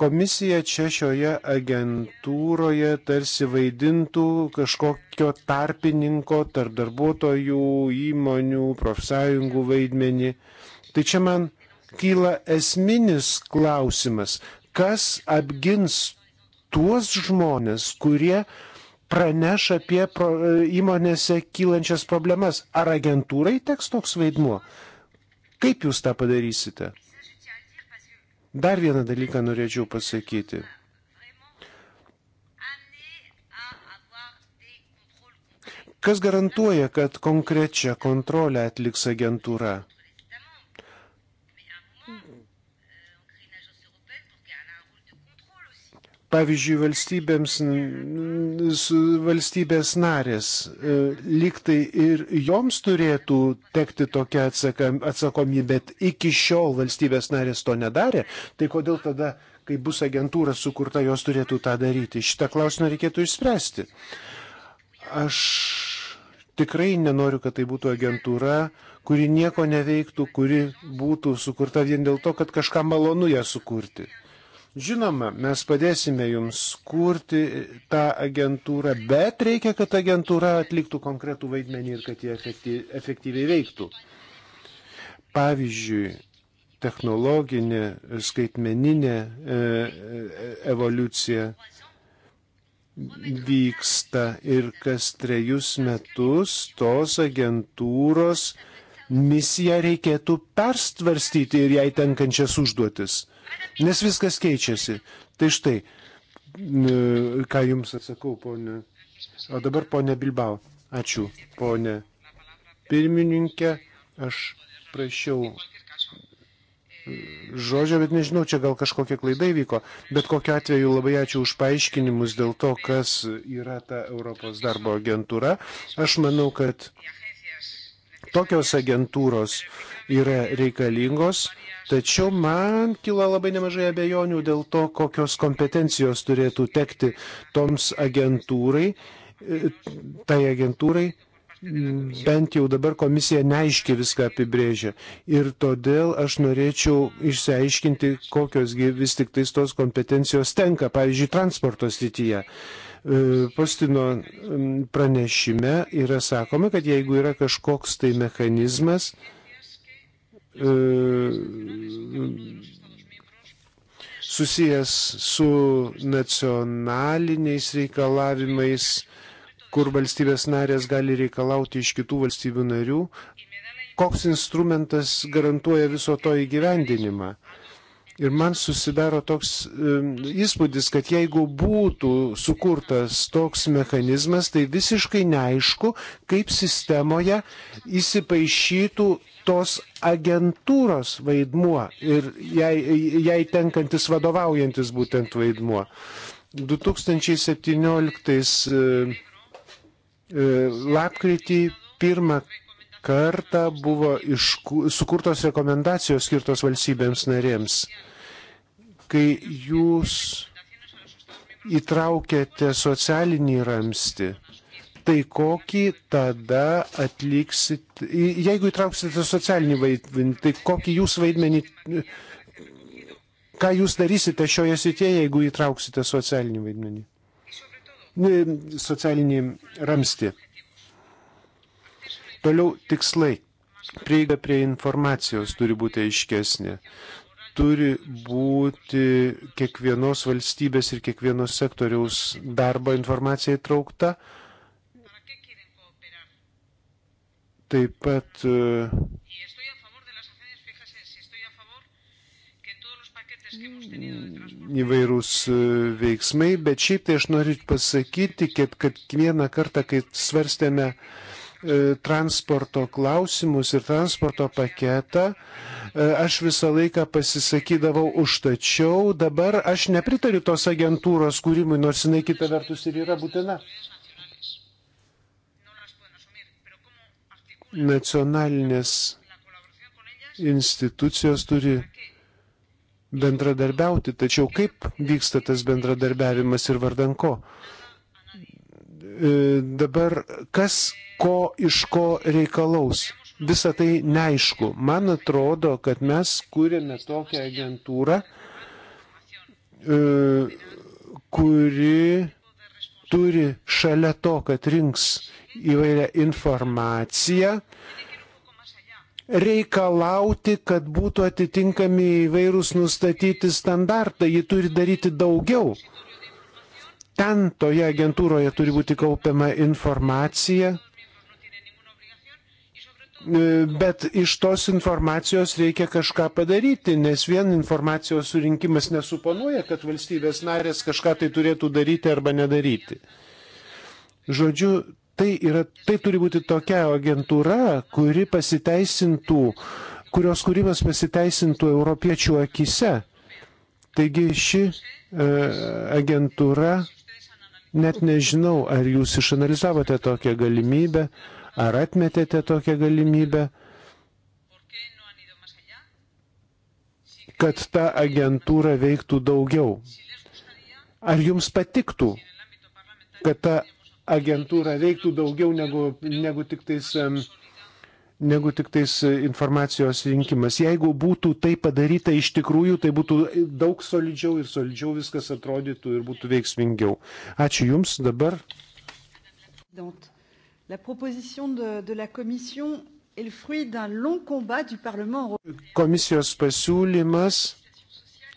Komisija čia šioje agentūroje tarsi vaidintų kažkokio tarpininko tarp darbuotojų, įmonių, profsąjungų vaidmenį. Tai čia man kyla esminis klausimas, kas apgins tuos žmonės, kurie praneš apie pro, įmonėse kylančias problemas. Ar agentūrai teks toks vaidmuo? Kaip jūs tą padarysite? Dar vieną dalyką norėčiau pasakyti. Kas garantuoja, kad konkrečią kontrolę atliks agentūra? Pavyzdžiui, valstybėms, valstybės narės e, liktai ir joms turėtų tekti tokia atsakomybė, bet iki šiol valstybės narės to nedarė, tai kodėl tada, kai bus agentūra sukurta, jos turėtų tą daryti? Šitą klausimą reikėtų išspręsti. Aš tikrai nenoriu, kad tai būtų agentūra, kuri nieko neveiktų, kuri būtų sukurta vien dėl to, kad kažką malonu ją sukurti. Žinoma, mes padėsime jums kurti tą agentūrą, bet reikia, kad agentūra atliktų konkretų vaidmenį ir kad jie efektyviai veiktų. Pavyzdžiui, technologinė, skaitmeninė e, e, evoliucija vyksta ir kas trejus metus tos agentūros misiją reikėtų perstvarstyti ir jai tenkančias užduotis nes viskas keičiasi. Tai štai, ką jums atsakau, ponė. O dabar ponė Bilbao. Ačiū, ponė pirmininkė. Aš prašiau žodžio, bet nežinau, čia gal kažkokia klaida įvyko. Bet kokiu atveju labai ačiū už paaiškinimus dėl to, kas yra ta Europos darbo agentūra. Aš manau, kad tokios agentūros uh, yra reikalingos, tačiau man kyla labai nemažai abejonių dėl to, kokios kompetencijos turėtų tekti toms agentūrai, e, tai agentūrai, bent jau dabar komisija neaiškiai viską apibrėžia. Ir todėl aš norėčiau išsiaiškinti, kokios vis tik tais tos kompetencijos tenka, pavyzdžiui, transporto srityje. E, Postino pranešime yra sakoma, kad jeigu yra kažkoks tai mechanizmas, susijęs su nacionaliniais reikalavimais, kur valstybės narės gali reikalauti iš kitų valstybių narių, koks instrumentas garantuoja viso to įgyvendinimą. Ir man susidaro toks įspūdis, kad jeigu būtų sukurtas toks mechanizmas, tai visiškai neaišku, kaip sistemoje įsipaišytų tos agentūros vaidmuo ir jai, jai tenkantis vadovaujantis būtent vaidmuo. 2017 lapkritį pirmą kartą buvo iš, sukurtos rekomendacijos skirtos valstybėms narėms kai jūs įtraukėte socialinį ramstį, tai kokį tada atliksit, jeigu įtrauksite socialinį vaidmenį, tai kokį jūs vaidmenį, ką jūs darysite šioje srityje, jeigu įtrauksite socialinį vaidmenį, socialinį ramstį. Toliau tikslai. Prieiga prie informacijos turi būti aiškesnė turi būti kiekvienos valstybės ir kiekvienos sektoriaus darbo informacija įtraukta. Taip pat e, įvairūs e, veiksmai, bet šiaip tai aš noriu pasakyti, kad kiekvieną kartą, kai svarstėme uh, E, transporto klausimus ir transporto paketą, e, aš visą laiką pasisakydavau už tačiau, dabar aš nepritariu tos agentūros kūrimui, nors jinai kita vertus ir yra būtina. Nacionalinės institucijos turi bendradarbiauti, tačiau kaip vyksta tas bendradarbiavimas ir vardanko? ko? E, dabar kas ko iš ko reikalaus. Visą tai neaišku. Man atrodo, kad mes kūrėme tokią agentūrą, e, kuri turi šalia to, kad rinks įvairią informaciją, reikalauti, kad būtų atitinkami įvairūs nustatyti standartai. Ji turi daryti daugiau ten toje agentūroje turi būti kaupiama informacija, bet iš tos informacijos reikia kažką padaryti, nes vien informacijos surinkimas nesuponuoja, kad valstybės narės kažką tai turėtų daryti arba nedaryti. Žodžiu, tai, yra, tai turi būti tokia agentūra, kuri pasiteisintų, kurios kūrimas pasiteisintų europiečių akise. Taigi ši e, agentūra Net nežinau, ar jūs išanalizavote tokią galimybę, ar atmetėte tokią galimybę, kad ta agentūra veiktų daugiau. Ar jums patiktų, kad ta agentūra veiktų daugiau negu, negu tik tais um, negu tik tais e, informacijos rinkimas. Jeigu būtų tai padaryta iš tikrųjų, tai būtų daug solidžiau ir solidžiau viskas atrodytų ir būtų veiksmingiau. Ačiū Jums dabar. Komisijos pasiūlymas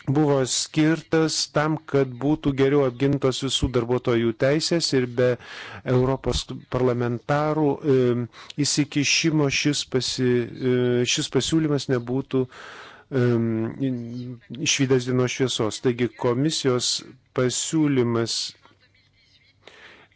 buvo skirtas tam, kad būtų geriau apgintos visų darbuotojų teisės ir be Europos parlamentarų e, įsikišimo šis, pasi, e, šis pasiūlymas nebūtų e, išvykęs dienos šviesos. Taigi komisijos pasiūlymas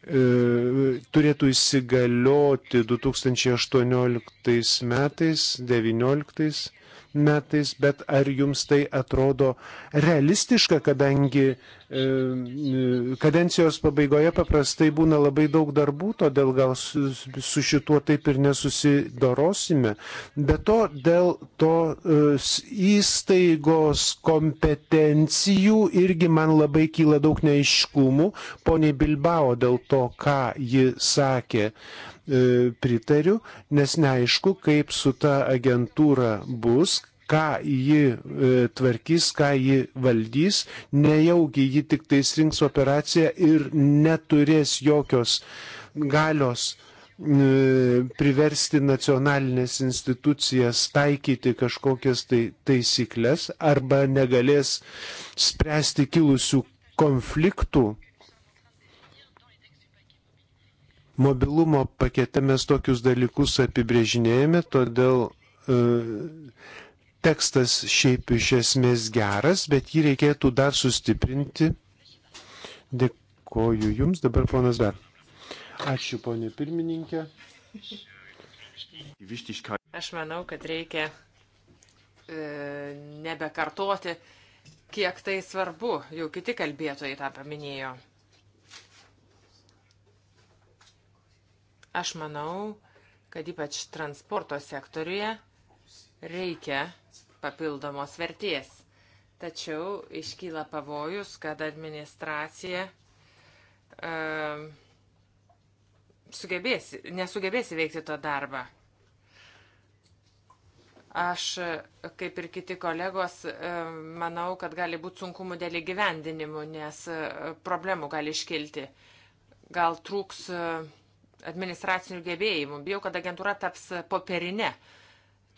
e, turėtų įsigalioti 2018 metais, 2019 metais, bet ar jums tai atrodo realistiška, kadangi e, kadencijos pabaigoje paprastai būna labai daug darbų, todėl gal su, su šituo taip ir nesusidorosime. Be to, dėl to e, įstaigos kompetencijų irgi man labai kyla daug neiškumų, poniai Bilbao dėl to, ką ji sakė. E, pritariu, nes neaišku, kaip su ta agentūra bus, ką ji e, tvarkys, ką ji valdys, nejaugi ji tik tai rinks operaciją ir neturės jokios galios e, priversti nacionalinės institucijas taikyti kažkokias tai taisyklės arba negalės spręsti kilusių konfliktų Mobilumo pakete mes tokius dalykus apibrėžinėjame, todėl e, tekstas šiaip iš esmės geras, bet jį reikėtų dar sustiprinti. Dėkoju Jums, dabar ponas dar. Ačiū, ponė pirmininkė. Aš manau, kad reikia e, nebekartoti, kiek tai svarbu, jau kiti kalbėtojai tą paminėjo. Aš manau, kad ypač transporto sektoriuje reikia papildomos vertės. Tačiau iškyla pavojus, kad administracija um, sugebės, nesugebės įveikti to darbą. Aš, kaip ir kiti kolegos, ehm, manau, kad gali būti sunkumų dėl įgyvendinimų, nes e, problemų gali iškilti. Gal trūks uh, administracinių gebėjimų. Bijau, kad agentūra taps popierinė,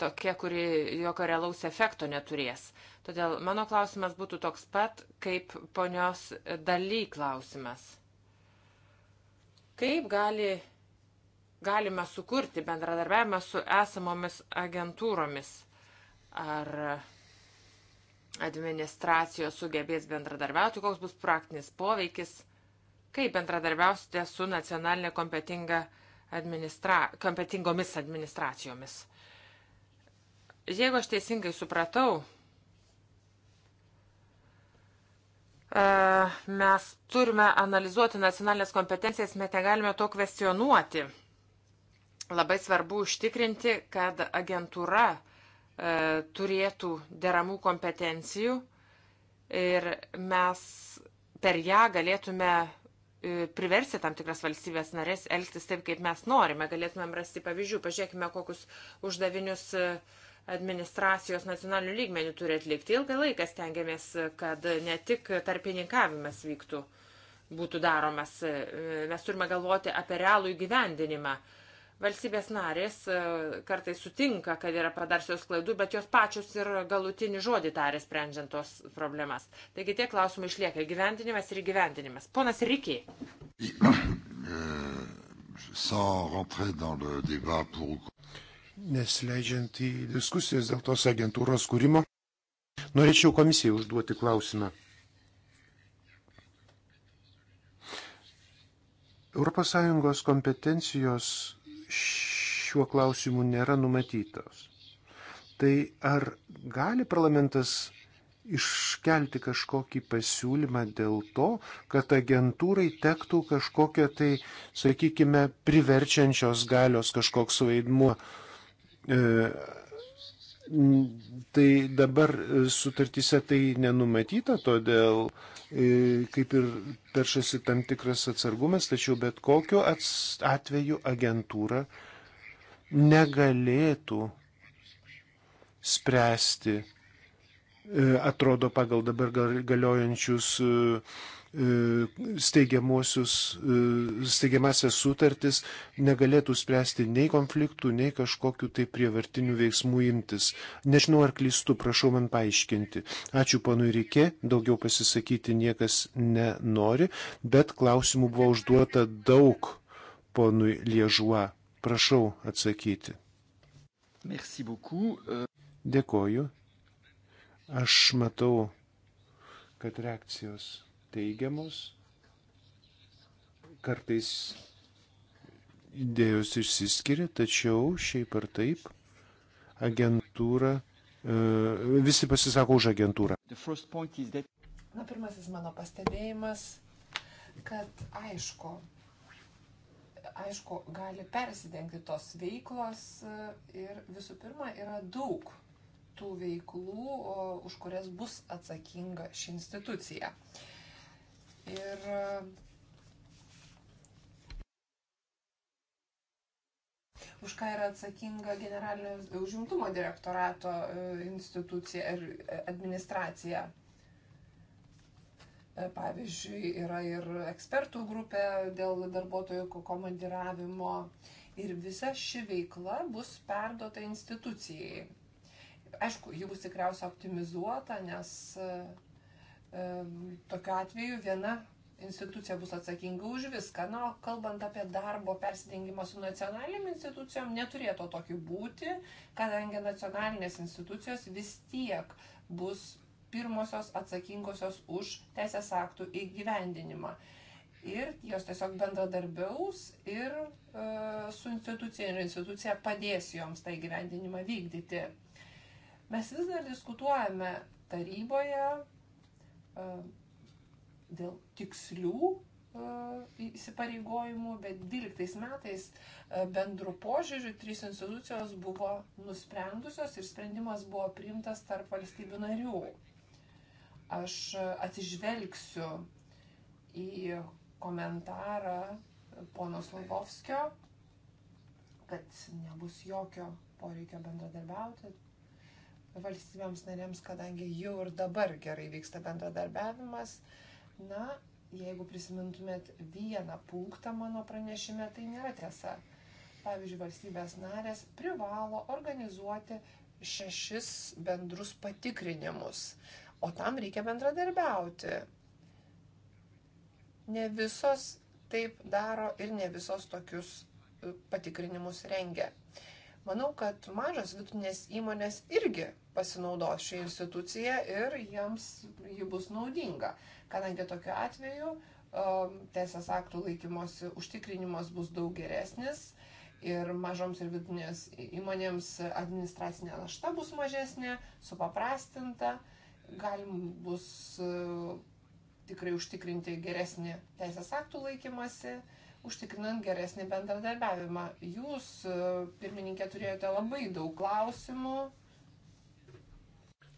tokia, kuri jokio realaus efekto neturės. Todėl mano klausimas būtų toks pat, kaip ponios daly klausimas. Kaip gali, galime sukurti bendradarbiavimą su esamomis agentūromis? Ar administracijos sugebės bendradarbiauti, koks bus praktinis poveikis? Kaip bendradarbiausite su nacionalinė kompetinga administra kompetingomis administracijomis? Jeigu aš teisingai supratau, e, mes turime analizuoti nacionalinės kompetencijas, mes negalime to kvestionuoti. Labai svarbu užtikrinti, kad agentūra e, turėtų deramų kompetencijų ir mes per ją galėtume E, priversti tam tikras valstybės narės elgtis taip, kaip mes norime. Galėtumėm rasti pavyzdžių. Pažiūrėkime, kokius uždavinius e, administracijos nacionalinių lygmenių turi atlikti. Ilgą laiką stengiamės, kad ne tik tarpininkavimas vyktų, būtų daromas. E, mes turime galvoti apie realų įgyvendinimą. Valstybės narės e, kartais sutinka, kad yra padarsios klaidų, bet jos pačios ir galutinį žodį tarė sprendžiant tos problemas. Taigi tie klausimai išlieka - gyventinimas ir gyventinimas. Ponas Rikiai. [COUGHS] Euh, Nesleidžiant į diskusijas dėl tos agentūros kūrimo, norėčiau komisijai užduoti klausimą. ES kompetencijos šiuo klausimu nėra numatytos. Tai ar gali parlamentas iškelti kažkokį pasiūlymą dėl to, kad agentūrai tektų kažkokia tai, sakykime, priverčiančios galios kažkoks vaidmuo. E, Tai dabar sutartyse tai nenumatyta, todėl e, kaip ir peršasi tam tikras atsargumas, tačiau bet kokiu atveju agentūra negalėtų spręsti, e, atrodo, pagal dabar galiojančius e, E, e, steigiamasias sutartis negalėtų spręsti nei konfliktų, nei kažkokiu tai prievartiniu veiksmu imtis. Nežinau, ar klystu, prašau man paaiškinti. Ačiū ponui Rikė, daugiau pasisakyti niekas nenori, bet klausimų buvo užduota daug ponui Liežuo. Prašau atsakyti. Dėkoju. Aš matau, kad reakcijos teigiamos, kartais idėjos išsiskiria, tačiau šiaip ar taip agentūra, e, visi pasisako už agentūrą. Na, pirmasis mano pastebėjimas, kad aišku, aišku, gali persidengti tos veiklos e, ir visų pirma yra daug tų veiklų, už kurias bus atsakinga ši institucija. Uh, Ir e, už ką yra atsakinga generalinio užimtumo direktorato e, institucija ir e, administracija. Pavyzdžiui, yra ir ekspertų grupė dėl darbuotojų komandiravimo ir visa ši veikla bus perduota institucijai. Aišku, ji bus tikriausiai optimizuota, nes tokiu atveju viena institucija bus atsakinga už viską. Na, nu, kalbant apie darbo persidengimą su nacionaliniam institucijom, neturėtų tokiu būti, kadangi nacionalinės institucijos vis tiek bus pirmosios atsakingosios už teisės aktų įgyvendinimą. Ir jos tiesiog bendradarbiaus ir e, su institucija ir institucija padės joms tą įgyvendinimą vykdyti. Mes vis dar diskutuojame taryboje, e, dėl tikslių e, įsipareigojimų, bet 12 metais e, bendrų požiūrių trys institucijos buvo nusprendusios ir sprendimas buvo priimtas tarp valstybių narių. Aš e, atsižvelgsiu į komentarą pono Slovovskio, kad nebus jokio poreikio bendradarbiauti valstybėms narėms, kadangi jau ir dabar gerai vyksta bendradarbiavimas. Uh, na, jeigu prisimintumėt vieną punktą mano pranešime, tai nėra tiesa. Pavyzdžiui, valstybės narės privalo organizuoti šešis bendrus patikrinimus, o tam reikia bendradarbiauti. Ne visos taip daro ir ne visos tokius e, patikrinimus rengia. Manau, kad mažos vidutinės įmonės irgi pasinaudos šią instituciją ir jiems ji bus naudinga, kadangi tokiu atveju um, teisės aktų laikymosi užtikrinimas bus daug geresnis ir mažoms ir vidutinės įmonėms administracinė našta bus mažesnė, supaprastinta, galim bus uh, tikrai užtikrinti geresnį teisės aktų laikymasi užtikrinant geresnį bendradarbiavimą. Jūs, e, pirmininkė, turėjote labai daug klausimų.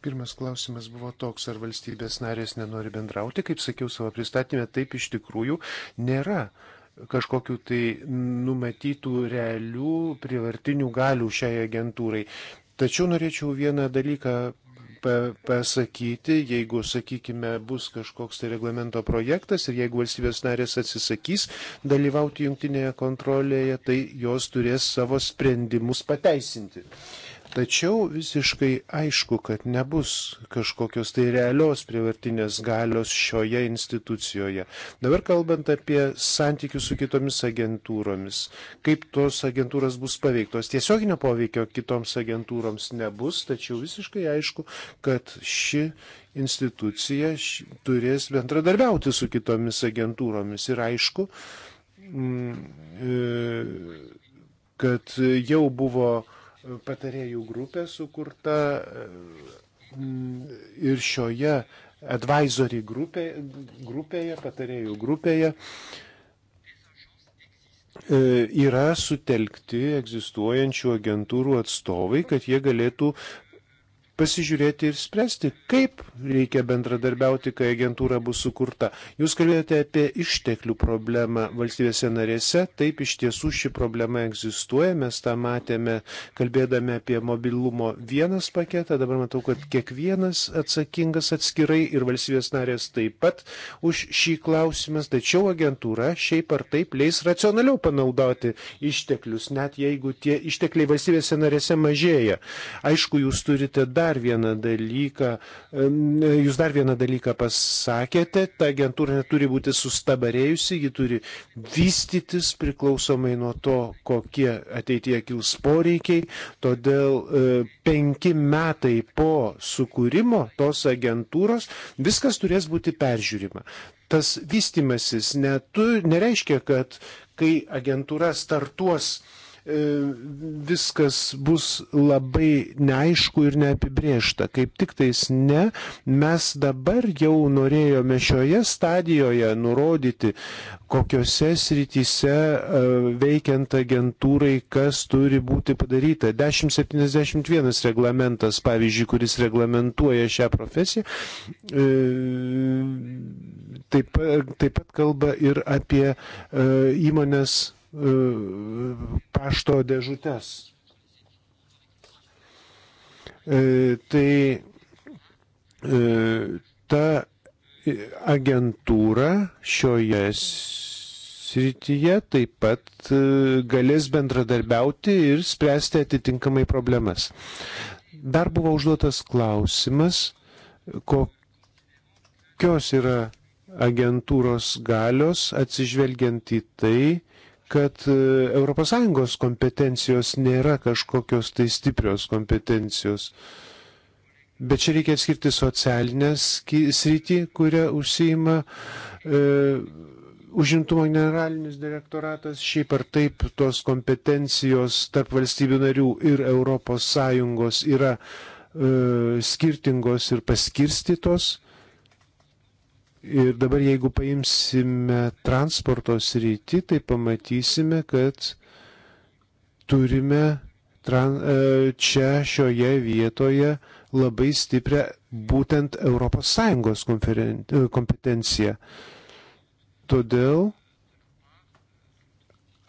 Pirmas klausimas buvo toks, ar valstybės narės nenori bendrauti. Kaip sakiau savo pristatymę, taip iš tikrųjų nėra kažkokiu tai numatytų realių privartinių galių šiai agentūrai. Tačiau norėčiau vieną dalyką pasakyti, jeigu, sakykime, bus kažkoks tai reglamento projektas ir jeigu valstybės narės atsisakys dalyvauti jungtinėje kontrolėje, tai jos turės savo sprendimus pateisinti. Uh, Tačiau visiškai aišku, kad nebus kažkokios tai realios prievartinės galios šioje institucijoje. Dabar kalbant apie santykius su kitomis agentūromis, kaip tos agentūros bus paveiktos. Tiesioginio poveikio kitoms agentūroms nebus, tačiau visiškai aišku, kad ši institucija turės bendradarbiauti su kitomis agentūromis. Ir aišku, mm, e, kad jau buvo patarėjų grupė sukurta e, ir šioje advisory grupė, grupėje, patarėjų grupėje e, yra sutelkti egzistuojančių agentūrų atstovai, kad jie galėtų pasižiūrėti ir spręsti, kaip reikia bendradarbiauti, kai agentūra bus sukurta. Jūs kalbėjote apie išteklių problemą valstybėse narėse, taip iš tiesų ši problema egzistuoja, mes tą matėme kalbėdami apie mobilumo vienas paketą, dabar matau, kad kiekvienas atsakingas atskirai ir valstybės narės taip pat už šį klausimą, tačiau agentūra šiaip ar taip leis racionaliau panaudoti išteklius, net jeigu tie ištekliai valstybėse narėse mažėja. Aišku, jūs turite dar dar vieną dalyką, jūs dar vieną dalyką pasakėte, ta agentūra neturi būti sustabarėjusi, ji turi vystytis priklausomai nuo to, kokie ateityje kils poreikiai, todėl e, penki metai po sukūrimo tos agentūros viskas turės būti peržiūrima. Tas vystimasis netu, nereiškia, kad kai agentūra startuos, E, viskas bus labai neaišku ir neapibriešta. Kaip tik tais ne, mes dabar jau norėjome šioje stadijoje nurodyti, kokiuose srityse e, veikiant agentūrai, kas turi būti padaryta. 1071 reglamentas, pavyzdžiui, kuris reglamentuoja šią profesiją, e, taip, taip pat kalba ir apie įmonės E, pašto dėžutes. E, tai e, ta agentūra šioje srityje taip pat galės bendradarbiauti ir spręsti atitinkamai problemas. Dar buvo užduotas klausimas, kokios yra agentūros galios atsižvelgiant į tai, kad ES kompetencijos nėra kažkokios tai stiprios kompetencijos. Bet čia reikia atskirti socialinę sritį, kurią užsima e, užimtumo generalinis direktoratas. Šiaip ar taip tos kompetencijos tarp valstybių narių ir ES yra e, skirtingos ir paskirstytos. Ir dabar jeigu paimsime transporto sritį, tai pamatysime, kad turime tran, e, čia šioje vietoje labai stiprią būtent ES e, kompetenciją. Todėl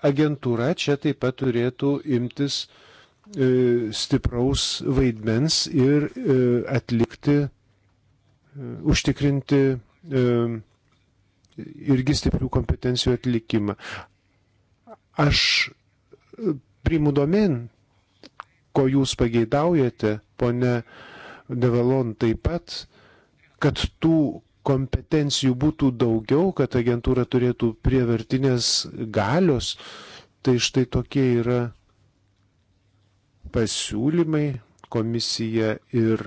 agentūra čia taip pat turėtų imtis e, stipraus vaidmens ir atlikti, užtikrinti E, irgi stiprių kompetencijų atlikimą. Aš e, priimu domen, ko jūs pageidaujate, ponė Devalon taip pat, kad tų kompetencijų būtų daugiau, kad agentūra turėtų prievertinės galios, tai štai tokie yra pasiūlymai komisija ir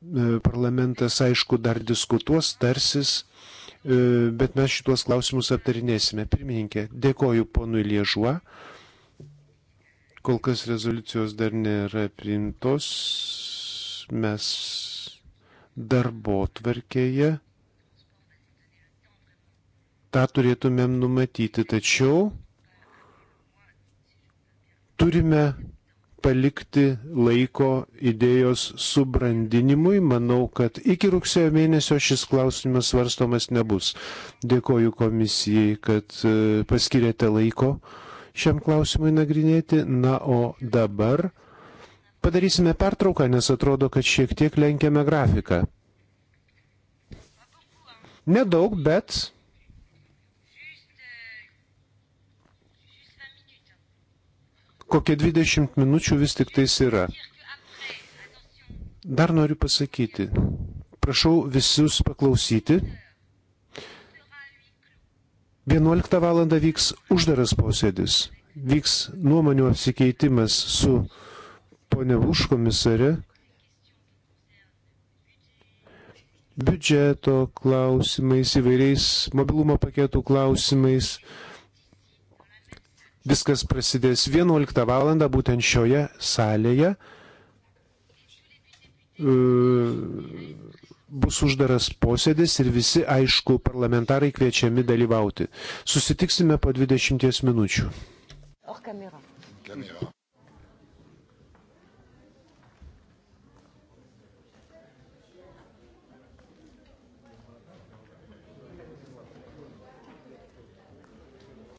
E, parlamentas, aišku, dar diskutuos, tarsis, e, bet mes šitos klausimus aptarinėsime. Pirmininkė, dėkoju ponui Liežuo. Kol kas rezoliucijos dar nėra priimtos. Mes darbo tvarkėje tą turėtumėm numatyti, tačiau turime palikti laiko idėjos subrandinimui. Manau, kad iki rugsėjo mėnesio šis klausimas svarstomas nebus. Dėkoju komisijai, kad e, paskirėte laiko šiam klausimui nagrinėti. Na, o dabar padarysime pertrauką, nes atrodo, kad šiek tiek lenkiame grafiką. Nedaug, bet kokie 20 minučių vis tik tais yra. Dar noriu pasakyti, prašau visus paklausyti. 11 val. vyks uždaras posėdis, vyks nuomonių apsikeitimas su ponė užkomisare biudžeto klausimais, įvairiais mobilumo paketų klausimais, Viskas prasidės 11 val. būtent šioje salėje. E, bus uždaras posėdis ir visi, aišku, parlamentarai kviečiami dalyvauti. Susitiksime po 20 minučių. Or kamera. kamera.